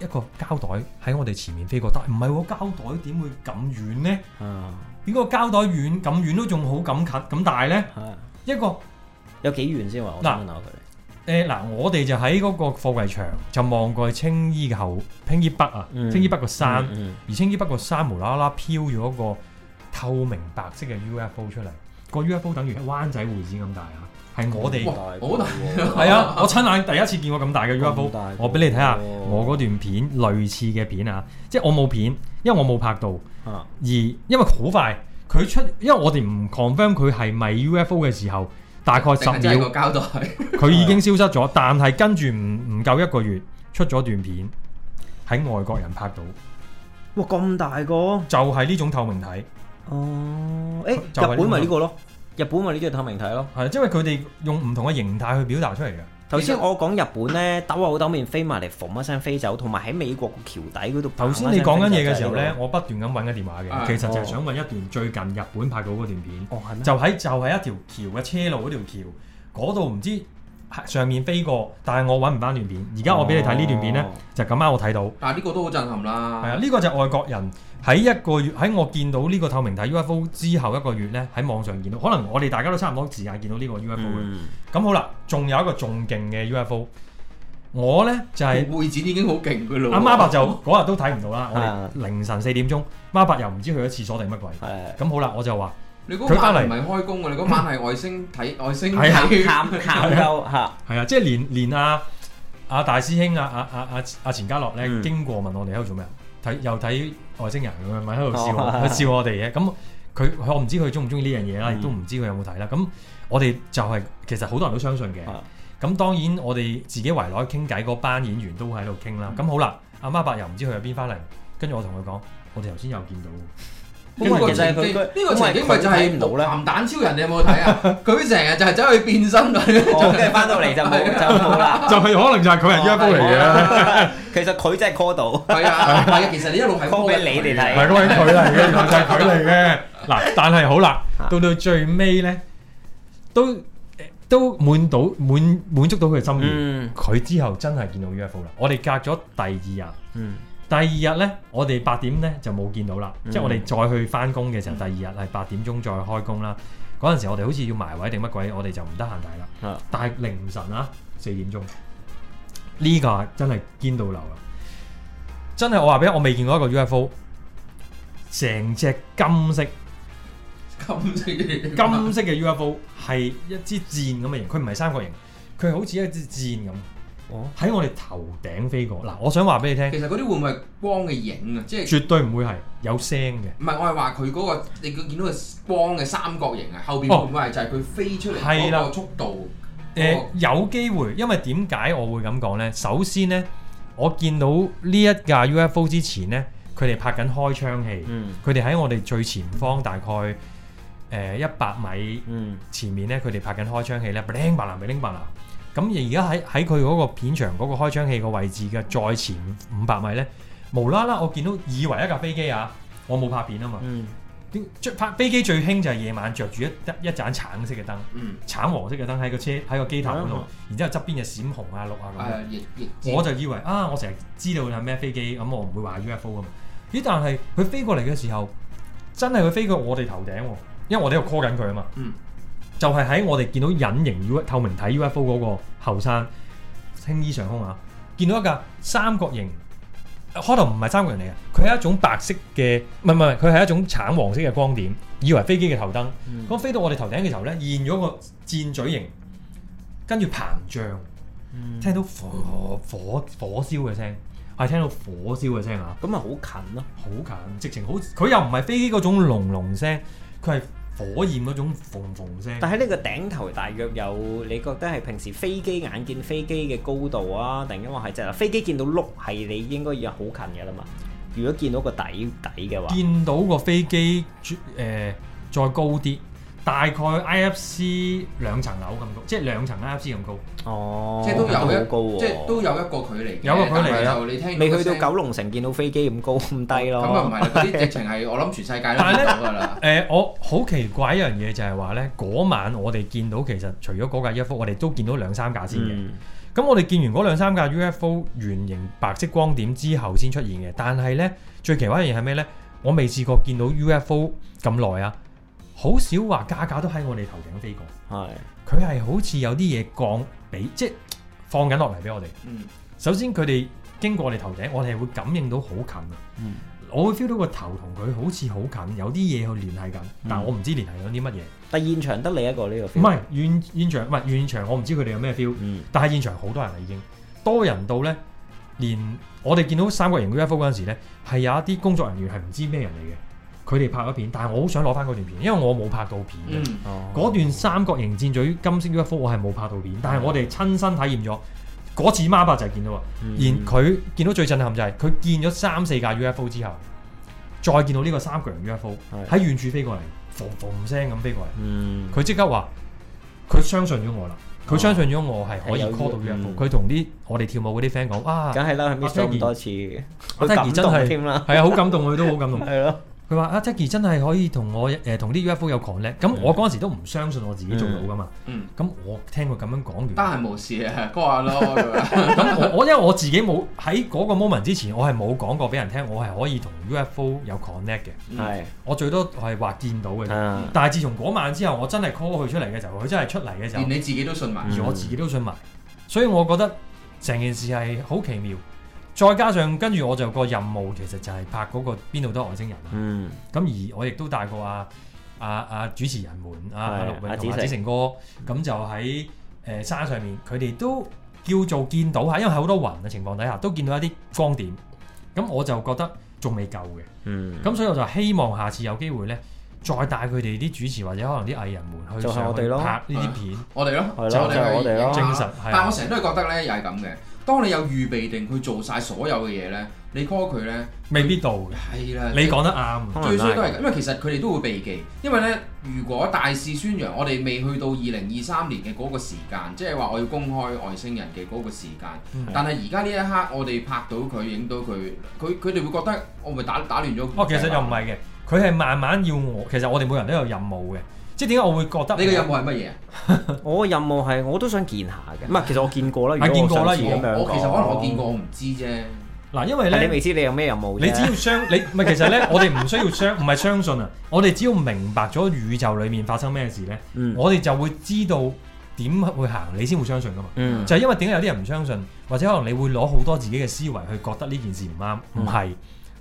一個膠袋喺我哋前面飛過，但唔係喎，膠袋點會咁遠咧？嗯是的，如果膠袋遠咁遠都仲好咁近，咁大咧？一個有幾遠先話？嗱，佢誒，嗱，我哋、呃呃、就喺嗰個貨櫃場就望過青衣嘅後，青衣北啊，嗯、青衣北個山，嗯嗯、而青衣北個山無啦啦飄咗一個透明白色嘅 UFO 出嚟，嗯、個 UFO 等於係灣仔會展咁大啊，係我哋大，好、嗯、大、哦，係 (laughs) 啊，我親眼第一次見過咁大嘅 UFO，、哦、我俾你睇下我嗰段片類似嘅片啊，即係我冇片，因為我冇拍到，而因為好快。佢出，因為我哋唔 confirm 佢係咪 UFO 嘅時候，大概十秒，佢 (laughs) 已經消失咗。但係跟住唔唔夠一個月，出咗段片喺外國人拍到，哇咁大個，就係呢種透明體。哦、呃，誒、欸，就日本咪呢個咯？日本咪呢個透明體咯？係，因為佢哋用唔同嘅形態去表達出嚟嘅。頭先我講日本咧，兜口兜面飛埋嚟，馴一聲飛走，同埋喺美國個橋底嗰度。頭先你講緊嘢嘅時候咧，嗯、我不斷咁揾緊電話嘅，嗯、其實就係想問一段最近日本拍到嗰段片，哦、就喺就係一條橋嘅車路嗰條橋，嗰度唔知。上面飛過，但係我揾唔翻段片。而家我俾你睇呢段片咧，哦、就咁啱我睇到。但係呢個都好震撼啦。係啊，呢、呢個就係外國人喺一個月，喺我見到呢個透明體 UFO 之後一個月咧，喺網上見到。可能我哋大家都差唔多時間見到呢個 UFO 嘅。咁、嗯、好啦，仲有一個仲勁嘅 UFO，我咧就係妹子已經好勁㗎啦。阿媽、啊、伯就嗰日都睇唔到啦。 (laughs) 的我哋凌晨四點鐘，媽伯又唔知去咗廁所定乜鬼。咁的的好啦，我就話。你嗰晚唔係開工嘅，你嗰晚係外星睇外星探探究吓，係啊，即係連連阿阿大師兄啊啊啊啊啊錢嘉樂咧、嗯、經過問我哋喺度做咩，睇又睇外星人咁樣，咪喺度笑我笑、嗯嗯、我哋嘅。咁佢我唔知佢鍾唔鍾意呢樣嘢啦，亦都唔知佢有冇睇啦。咁我哋就係其實好多人都相信嘅。咁當然我哋自己圍內傾偈，嗰班演員都喺度傾啦。咁、嗯、好啦，阿媽伯又唔知佢喺邊翻嚟，跟住我同佢講，我哋頭先又見到。嗯嗯。呢個情景咪就係鹹蛋超人，你有冇睇啊？佢成日就係走去變身，就即係翻到嚟就冇啦。就可能就係佢人 UFO 嚟嘅。其實佢真係 call 到。係啊，唔係啊，其實你一路係 call 俾你哋睇，唔係 call 俾佢嚟嘅，就係佢嚟嘅。嗱，但係好啦，到到最尾咧，都都滿到滿滿足到佢嘅心意。佢之後真係見到 UFO 啦。我哋隔咗第二日。嗯。第二日咧，我哋八點咧就冇見到啦，嗯、即係我哋再去翻工嘅時候，第二日係八點鐘再開工啦。嗰陣、嗯、時我哋好似要埋位定乜鬼，我哋就唔得閒睇啦。啊、但係凌晨啊，四點鐘呢、呢個真係堅到流啊！真係我話俾你，我未見過一個 UFO，成隻金色金色嘅 UFO 係一支箭咁嘅形，佢唔係三角形，佢好似一支箭咁。喺我哋頭頂飛過嗱，我想話俾你聽，其實嗰啲會唔會係光嘅影啊？即係絕對唔會係有聲嘅。唔係，我係話佢嗰個你見到個光嘅三角形啊，後邊會唔會係就係佢飛出嚟嗰個速度。誒，有機會，因為點解我會咁講咧？首先咧，我見到呢一架 UFO 之前咧，佢哋拍緊開槍戲，佢哋喺我哋最前方大概誒一百米前面咧，佢哋拍緊開槍戲咧。咁而家喺喺佢嗰個片場嗰個開槍器個位置嘅再前五百米咧，無啦啦，我見到以為一架飛機啊，我冇拍片啊嘛。嗯。點著拍飛機最興就係夜晚着住一一一盞橙色嘅燈，嗯、橙黃色嘅燈喺個車喺個機頭嗰度，嗯、然之後側邊就閃紅啊綠啊咁。嗯、我就以為啊，我成日知道係咩飛機，咁、嗯、我唔會話 UFO 啊嘛。咦？但係佢飛過嚟嘅時候，真係佢飛過我哋頭頂、啊，因為我哋喺度 call 緊佢啊嘛。嗯。就係喺我哋見到隱形 U 透明體 UFO 嗰個後山青衣上空啊，見到一架三角形，可能唔係三角形嚟啊，佢係一種白色嘅，唔係唔係，佢係一種橙黃色嘅光點，以為飛機嘅頭燈，咁、嗯、飛到我哋頭頂嘅時候咧，現咗個箭嘴形，跟住膨脹，聽到火火火燒嘅聲，係、啊、聽到火燒嘅聲、嗯、啊，咁啊好近咯，好近，直情好，佢又唔係飛機嗰種隆隆聲，佢係。火焰嗰種縫縫聲，但係呢個頂頭大約有，你覺得係平時飛機眼見飛機嘅高度啊？定因為係即係啦，飛機見到碌係你應該要好近嘅啦嘛。如果見到個底底嘅話，見到個飛機誒、呃、再高啲。大概 IFC 兩層樓咁高，即係兩層 IFC 咁高，哦，即係都有一都、啊、即係都有一個距離，有個距離啦。你聽到去到九龍城見到飛機咁高咁低咯，咁啊唔係啦，嗰啲直情係我諗全世界都見到㗎、 (laughs) 呃、我好奇怪一樣嘢就係話咧，嗰晚我哋見到其實除咗嗰架 UFO，我哋都見到兩三架先嘅。咁、嗯、我哋見完嗰兩三架 UFO 圓形白色光點之後先出現嘅。但係咧最奇怪一樣嘢係咩咧？我未試過見到 UFO 咁耐啊！好少話，架架都喺我哋頭頂飛過。係佢係好似有啲嘢降俾，即係放緊落嚟俾我哋。嗯，首先佢哋經過我哋頭頂，我哋係會感應到好近。嗯，我會 feel 到個頭同佢好似好近，有啲嘢去聯繫緊，嗯、但我唔知聯繫緊啲乜嘢。但現場得你一個呢、feel 唔係完現場，唔係完場我，我唔知佢哋有咩 feel。但係現場好多人啦，已經多人到咧，連我哋見到三角形嘅 UFO 嗰陣時咧，係有一啲工作人員係唔知咩人嚟嘅。佢哋拍咗片，但係我好想攞翻嗰段片，因為我冇拍到片嘅。嗰段三角形尖嘴金色 UFO，我係冇拍到片。但係我哋親身體驗咗，嗰次孖伯就係見到，然佢見到最震撼就係佢見咗三四架 UFO 之後，再見到呢個三角形 UFO 喺遠處飛過嚟，boom boom 聲咁飛過嚟。佢即刻話佢相信咗我啦，佢相信咗我係可以 call 到 UFO。佢同啲我哋跳舞嗰啲 friend 講，哇，梗係啦，miss 咗咁多次，我真係添啦，係啊，好感動，佢都好感動，係咯。佢話阿 Tecki 真係可以同我誒同、呃、啲 UFO 有 connect，咁、嗯、我嗰陣時都唔相信我自己做到噶嘛，嗯嗯。嗯。咁 (laughs) (laughs) 我聽佢咁樣講完。得閒冇事誒，講下咯。咁我因為我自己冇喺嗰個 moment 之前，我係冇講過俾人聽，我係可以同 UFO 有 connect 嘅。係、嗯。我最多係話見到嘅。嗯、但係自從嗰晚之後，我真係 call 佢出嚟嘅時候，佢真係出嚟嘅時候。連你自己都信埋。而、嗯、我自己都信埋，所以我覺得成件事係好奇妙。再加上跟住我就個任務其實就係拍嗰個邊度都有外星人啊！咁而我亦都帶過啊，阿阿主持人們，啊，陸偉同埋子成哥，咁就喺誒山上面，佢哋都叫做見到吓，因為喺好多雲嘅情況底下，都見到一啲光點。咁我就覺得仲未夠嘅，咁所以我就希望下次有機會咧，再帶佢哋啲主持或者可能啲藝人們去上去拍呢啲片，我哋咯，就我哋咯，證實。但我成日都係覺得咧，又係咁嘅。當你有預備定去做晒所有嘅嘢呢，你 call 佢呢？未必到嘅。係啦他，的你講得啱，最衰都係，因為其實佢哋都會避忌，因為呢，如果大肆宣揚，我哋未去到二零二三年嘅嗰個時間，即係話我要公開外星人嘅嗰個時間。的但係而家呢一刻，我哋拍到佢，影到佢，佢佢哋會覺得我咪打打亂咗。哦，其實又唔係嘅，佢係慢慢要我。其實我哋每人都有任務嘅。即係點解我會覺得？你嘅任務係乜嘢？ (laughs) 我嘅任務係，我都想見下嘅。唔係，其實我見過啦。係見過啦。咁樣，其實可能我見過，我唔知啫。嗱，因為咧，你未知你有咩任務？你只要相，你唔係，其實咧， (laughs) 我哋唔需要相，唔係相信啊。我哋只要明白咗宇宙裡面發生咩事咧，嗯、我哋就會知道點去行，你先會相信噶嘛。嗯、就係因為點解有啲人唔相信，或者可能你會攞好多自己嘅思維去覺得呢件事唔啱，唔係。嗯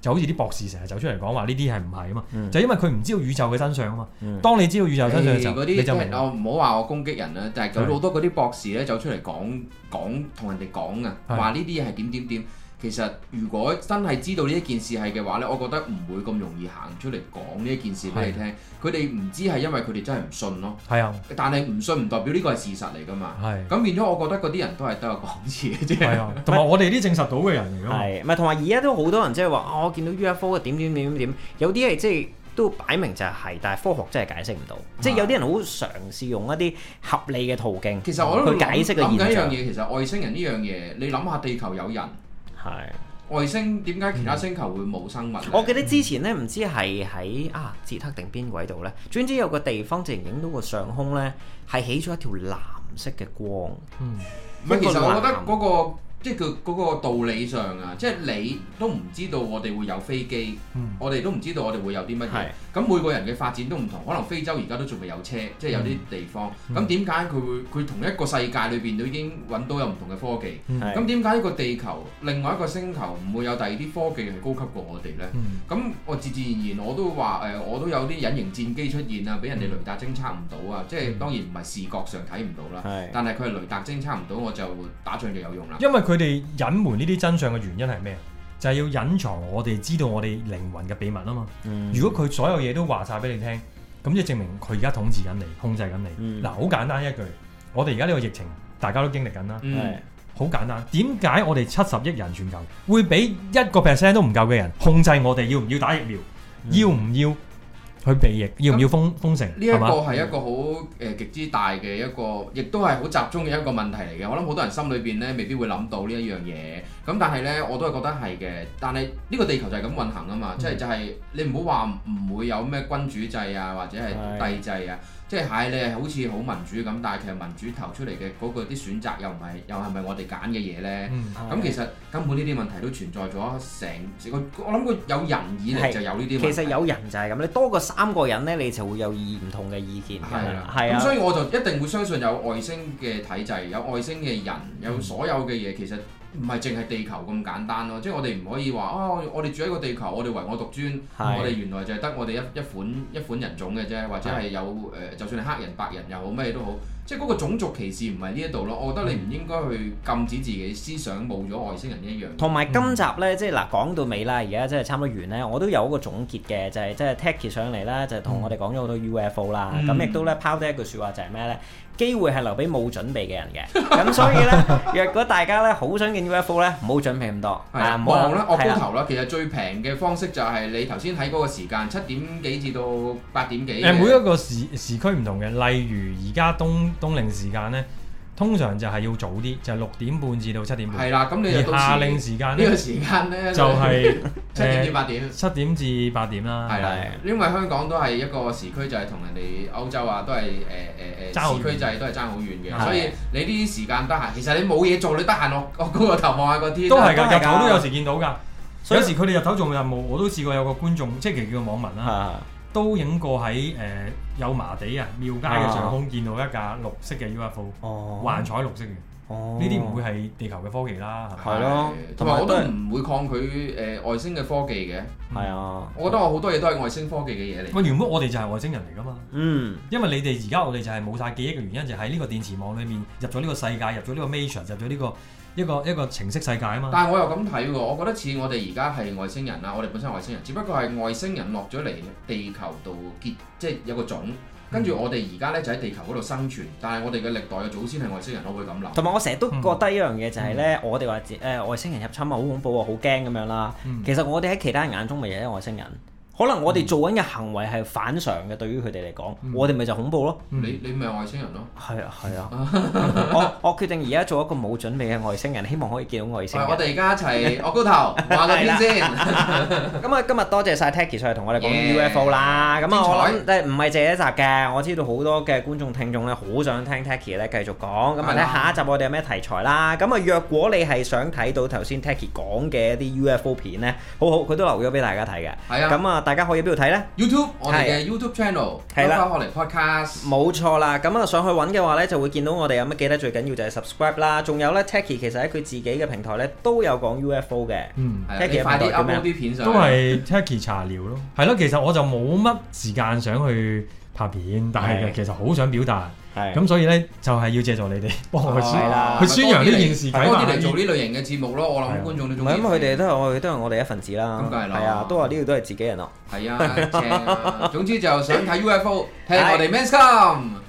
就好似啲博士成日走出嚟講，話呢啲係唔係啊嘛，嗯、就因為佢唔知道宇宙嘅真相啊嘛。嗯、當你知道宇宙真相嘅、欸、時候，些你就明我唔好話我攻擊人啦。但係有好多嗰啲博士咧，走出嚟講講同人哋講啊，話呢啲嘢係點點點。其實，如果真係知道呢一件事係嘅話呢，我覺得唔會咁容易行出嚟講呢一件事俾你聽。佢哋唔知係因為佢哋真係唔信咯。係啊，但係唔信唔代表呢個係事實嚟噶嘛。係。咁變咗，我覺得嗰啲人都係得個講字啫。同埋我哋啲證實到嘅人嚟噶嘛。係。同埋而家都好多人即係話，我見到 UFO 點點點點，有啲係即係都擺明就係、是，但係科學真係解釋唔到。係。即係有啲人好嘗試用一啲合理嘅途徑，嗯、解釋，其實我都諗緊一樣嘢，其實外星人呢樣嘢，你諗下地球有人。係是外星，點解其他星球會冇生物？我記得之前呢，唔知係喺啊捷克定邊鬼度呢。總之有個地方，竟然影到個上空呢係起咗一條藍色嘅光。嗯，其實我覺得嗰、嗰個。即係佢嗰個道理上啊，即係你都唔知道我哋會有飛機，嗯、我哋都唔知道我哋會有啲乜嘢。咁的每個人嘅發展都唔同，可能非洲而家都仲未有車，嗯、即係有啲地方。咁點解佢會佢同一個世界裏邊都已經揾到有唔同嘅科技？咁點解一個地球，另外一個星球唔會有第二啲科技係高級過我哋呢？咁、嗯、我自自然然我都話誒、呃，我都有啲隱形戰機出現啊，俾人哋雷達偵測唔到啊。即係當然唔係視覺上睇唔到啦，的但係佢係雷達偵測唔到，我就打仗就有用啦。因為佢。佢哋隱瞞呢啲真相嘅原因係咩？就係、是、要隱藏我哋知道我哋靈魂嘅秘密啊嘛！嗯、如果佢所有嘢都話晒俾你聽，咁就係證明佢而家統治緊你，控制緊你。嗱、嗯，好、啊、簡單一句，我哋而家呢個疫情大家都經歷緊啦。好、嗯、簡單，點解我哋七十億人全球會俾一個 percent 都唔夠嘅人控制我哋？要唔要打疫苗？嗯、要唔要？佢避疫要唔要封封城？呢、嗯、一個係一個好誒極之大嘅一個，亦都係好集中嘅一個問題嚟嘅。我諗好多人心裏邊咧，未必會諗到一呢一樣嘢。咁但係咧，我都係覺得係嘅。但係呢個地球就係咁運行啊嘛，即係、嗯、就係、就是、你唔好話唔會有咩君主制啊，或者係帝制啊。是的 即係係你係好似好民主咁，但係其實民主投出嚟嘅嗰個啲選擇又唔係又係咪我哋揀嘅嘢咧？咁其實根本呢啲問題都存在咗成個，我我諗佢有人以嚟就有呢啲。其實有人就係咁，你多過啱個人呢，你就會有意唔同嘅意見。係啦，係啊。咁所以我就一定會相信有外星嘅體制，有外星嘅人，有所有嘅嘢，嗯、其實。唔係淨係地球咁簡單咯，即係我哋唔可以話啊、哦！我哋住喺個地球，我哋唯我獨尊，是我哋原來就係得我哋一一款一款人種嘅啫，或者係有誒是、呃，就算係黑人、白人又好，咩都好，即係嗰個種族歧視唔係呢一度咯。我覺得你唔應該去禁止自己思想冇咗外星人一樣。同埋今集呢，即係嗱講到尾啦，而家即係差唔多完呢。我都有一個總結嘅，就係、是、即係 Tecki 上嚟啦，就係同我哋講咗好多 UFO 啦，咁亦都咧拋低一句説話就係咩呢？機會係留俾冇準備嘅人嘅，咁 (laughs) 所以呢，若果大家呢好想見 UFO 呢，唔好準備咁多，係啊的，我咧我鋪頭啦，是的 其實最平嘅方式就係你頭先睇嗰個時間，七點幾至到八點幾，每一個時時區唔同嘅，例如而家冬冬令時間呢。通常就係要早啲，就係六點半至到七點半。係啦，咁你就夏令時間呢個時間咧，就係七點至八點。七點至八點啦，係啦。因為香港都係一個時區就係，同人哋歐洲啊都係誒誒誒時區就係都係爭好遠嘅，所以你呢啲時間得閒，其實你冇嘢做你得閒，我我高個頭望下嗰啲都係㗎，日頭都有時見到㗎。有時佢哋日頭做任務，我都試過有個觀眾，即係叫網民啦。都影過喺誒、呃、有麻地啊廟街嘅上空見到一架綠色嘅 UFO，哦、幻彩綠色嘅，呢啲唔會係地球嘅科技啦，係咯、嗯，同埋吧我都唔會抗拒誒外星嘅科技嘅，係啊、嗯，我覺得我好多嘢都係外星科技嘅嘢嚟。喂，原本我哋就係外星人嚟噶嘛，嗯，因為你哋而家我哋就係冇晒記憶嘅原因就係、是、呢個電磁網裡面入咗呢個世界，入咗呢個 mission 入咗呢、呢個。一個一個情色世界啊嘛，但係我又咁睇喎，我覺得似我哋而家係外星人啦，我哋本身外星人，只不過係外星人落咗嚟地球度結，即係有個種，跟住我哋而家呢，就喺地球嗰度生存，但係我哋嘅歷代嘅祖先係外星人，會我會咁諗。同埋我成日都覺得一樣嘢就係、是、呢：嗯、我哋話誒外星人入侵啊，好恐怖啊，好驚咁樣啦。其實我哋喺其他人眼中咪又係外星人。可能我哋做緊嘅行為係反常嘅，對於佢哋嚟講，我哋咪就恐怖咯。你你咪外星人咯。係啊係啊。我我決定而家做一個冇準備嘅外星人，希望可以見到外星人。我哋而家一齊，我高頭畫個片先。咁啊，今日多謝晒 Tecki，上嚟同我哋講 UFO 啦。咁啊，我諗，唔係借一集嘅，我知道好多嘅觀眾聽眾咧，好想聽 Tecki 咧繼續講。咁啊，咧下一集我哋有咩題材啦？咁啊，若果你係想睇到頭先 Tecki 講嘅一啲 UFO 片咧，好好佢都留咗俾大家睇嘅。係啊。咁啊～大家可以邊度睇咧？YouTube，我哋嘅 YouTube channel 係啦，Ap 對 ple Podcast，冇錯啦。咁、嗯、啊，上去揾嘅話咧，就會見到我哋有乜記得。最緊要就係 subscribe 啦。仲有咧，Tecki 其實喺佢自己嘅平台咧都有講 UFO 嘅。嗯，嗯，你快啲 upload 啲片上，都係 Tecki 茶聊咯。係咯，其實我就冇乜時間想去拍片，但係其實好想表達。係，咁所以咧就係要借助你哋，幫佢宣，佢宣揚呢件事，多啲嚟做呢類型嘅節目咯。我諗觀眾都仲，係因為佢哋都係我哋都係我哋一份子啦。咁梗係啦，係啊，都話呢度都係自己人咯。係啊，總之就想睇 UFO，聽我哋 Men's Come。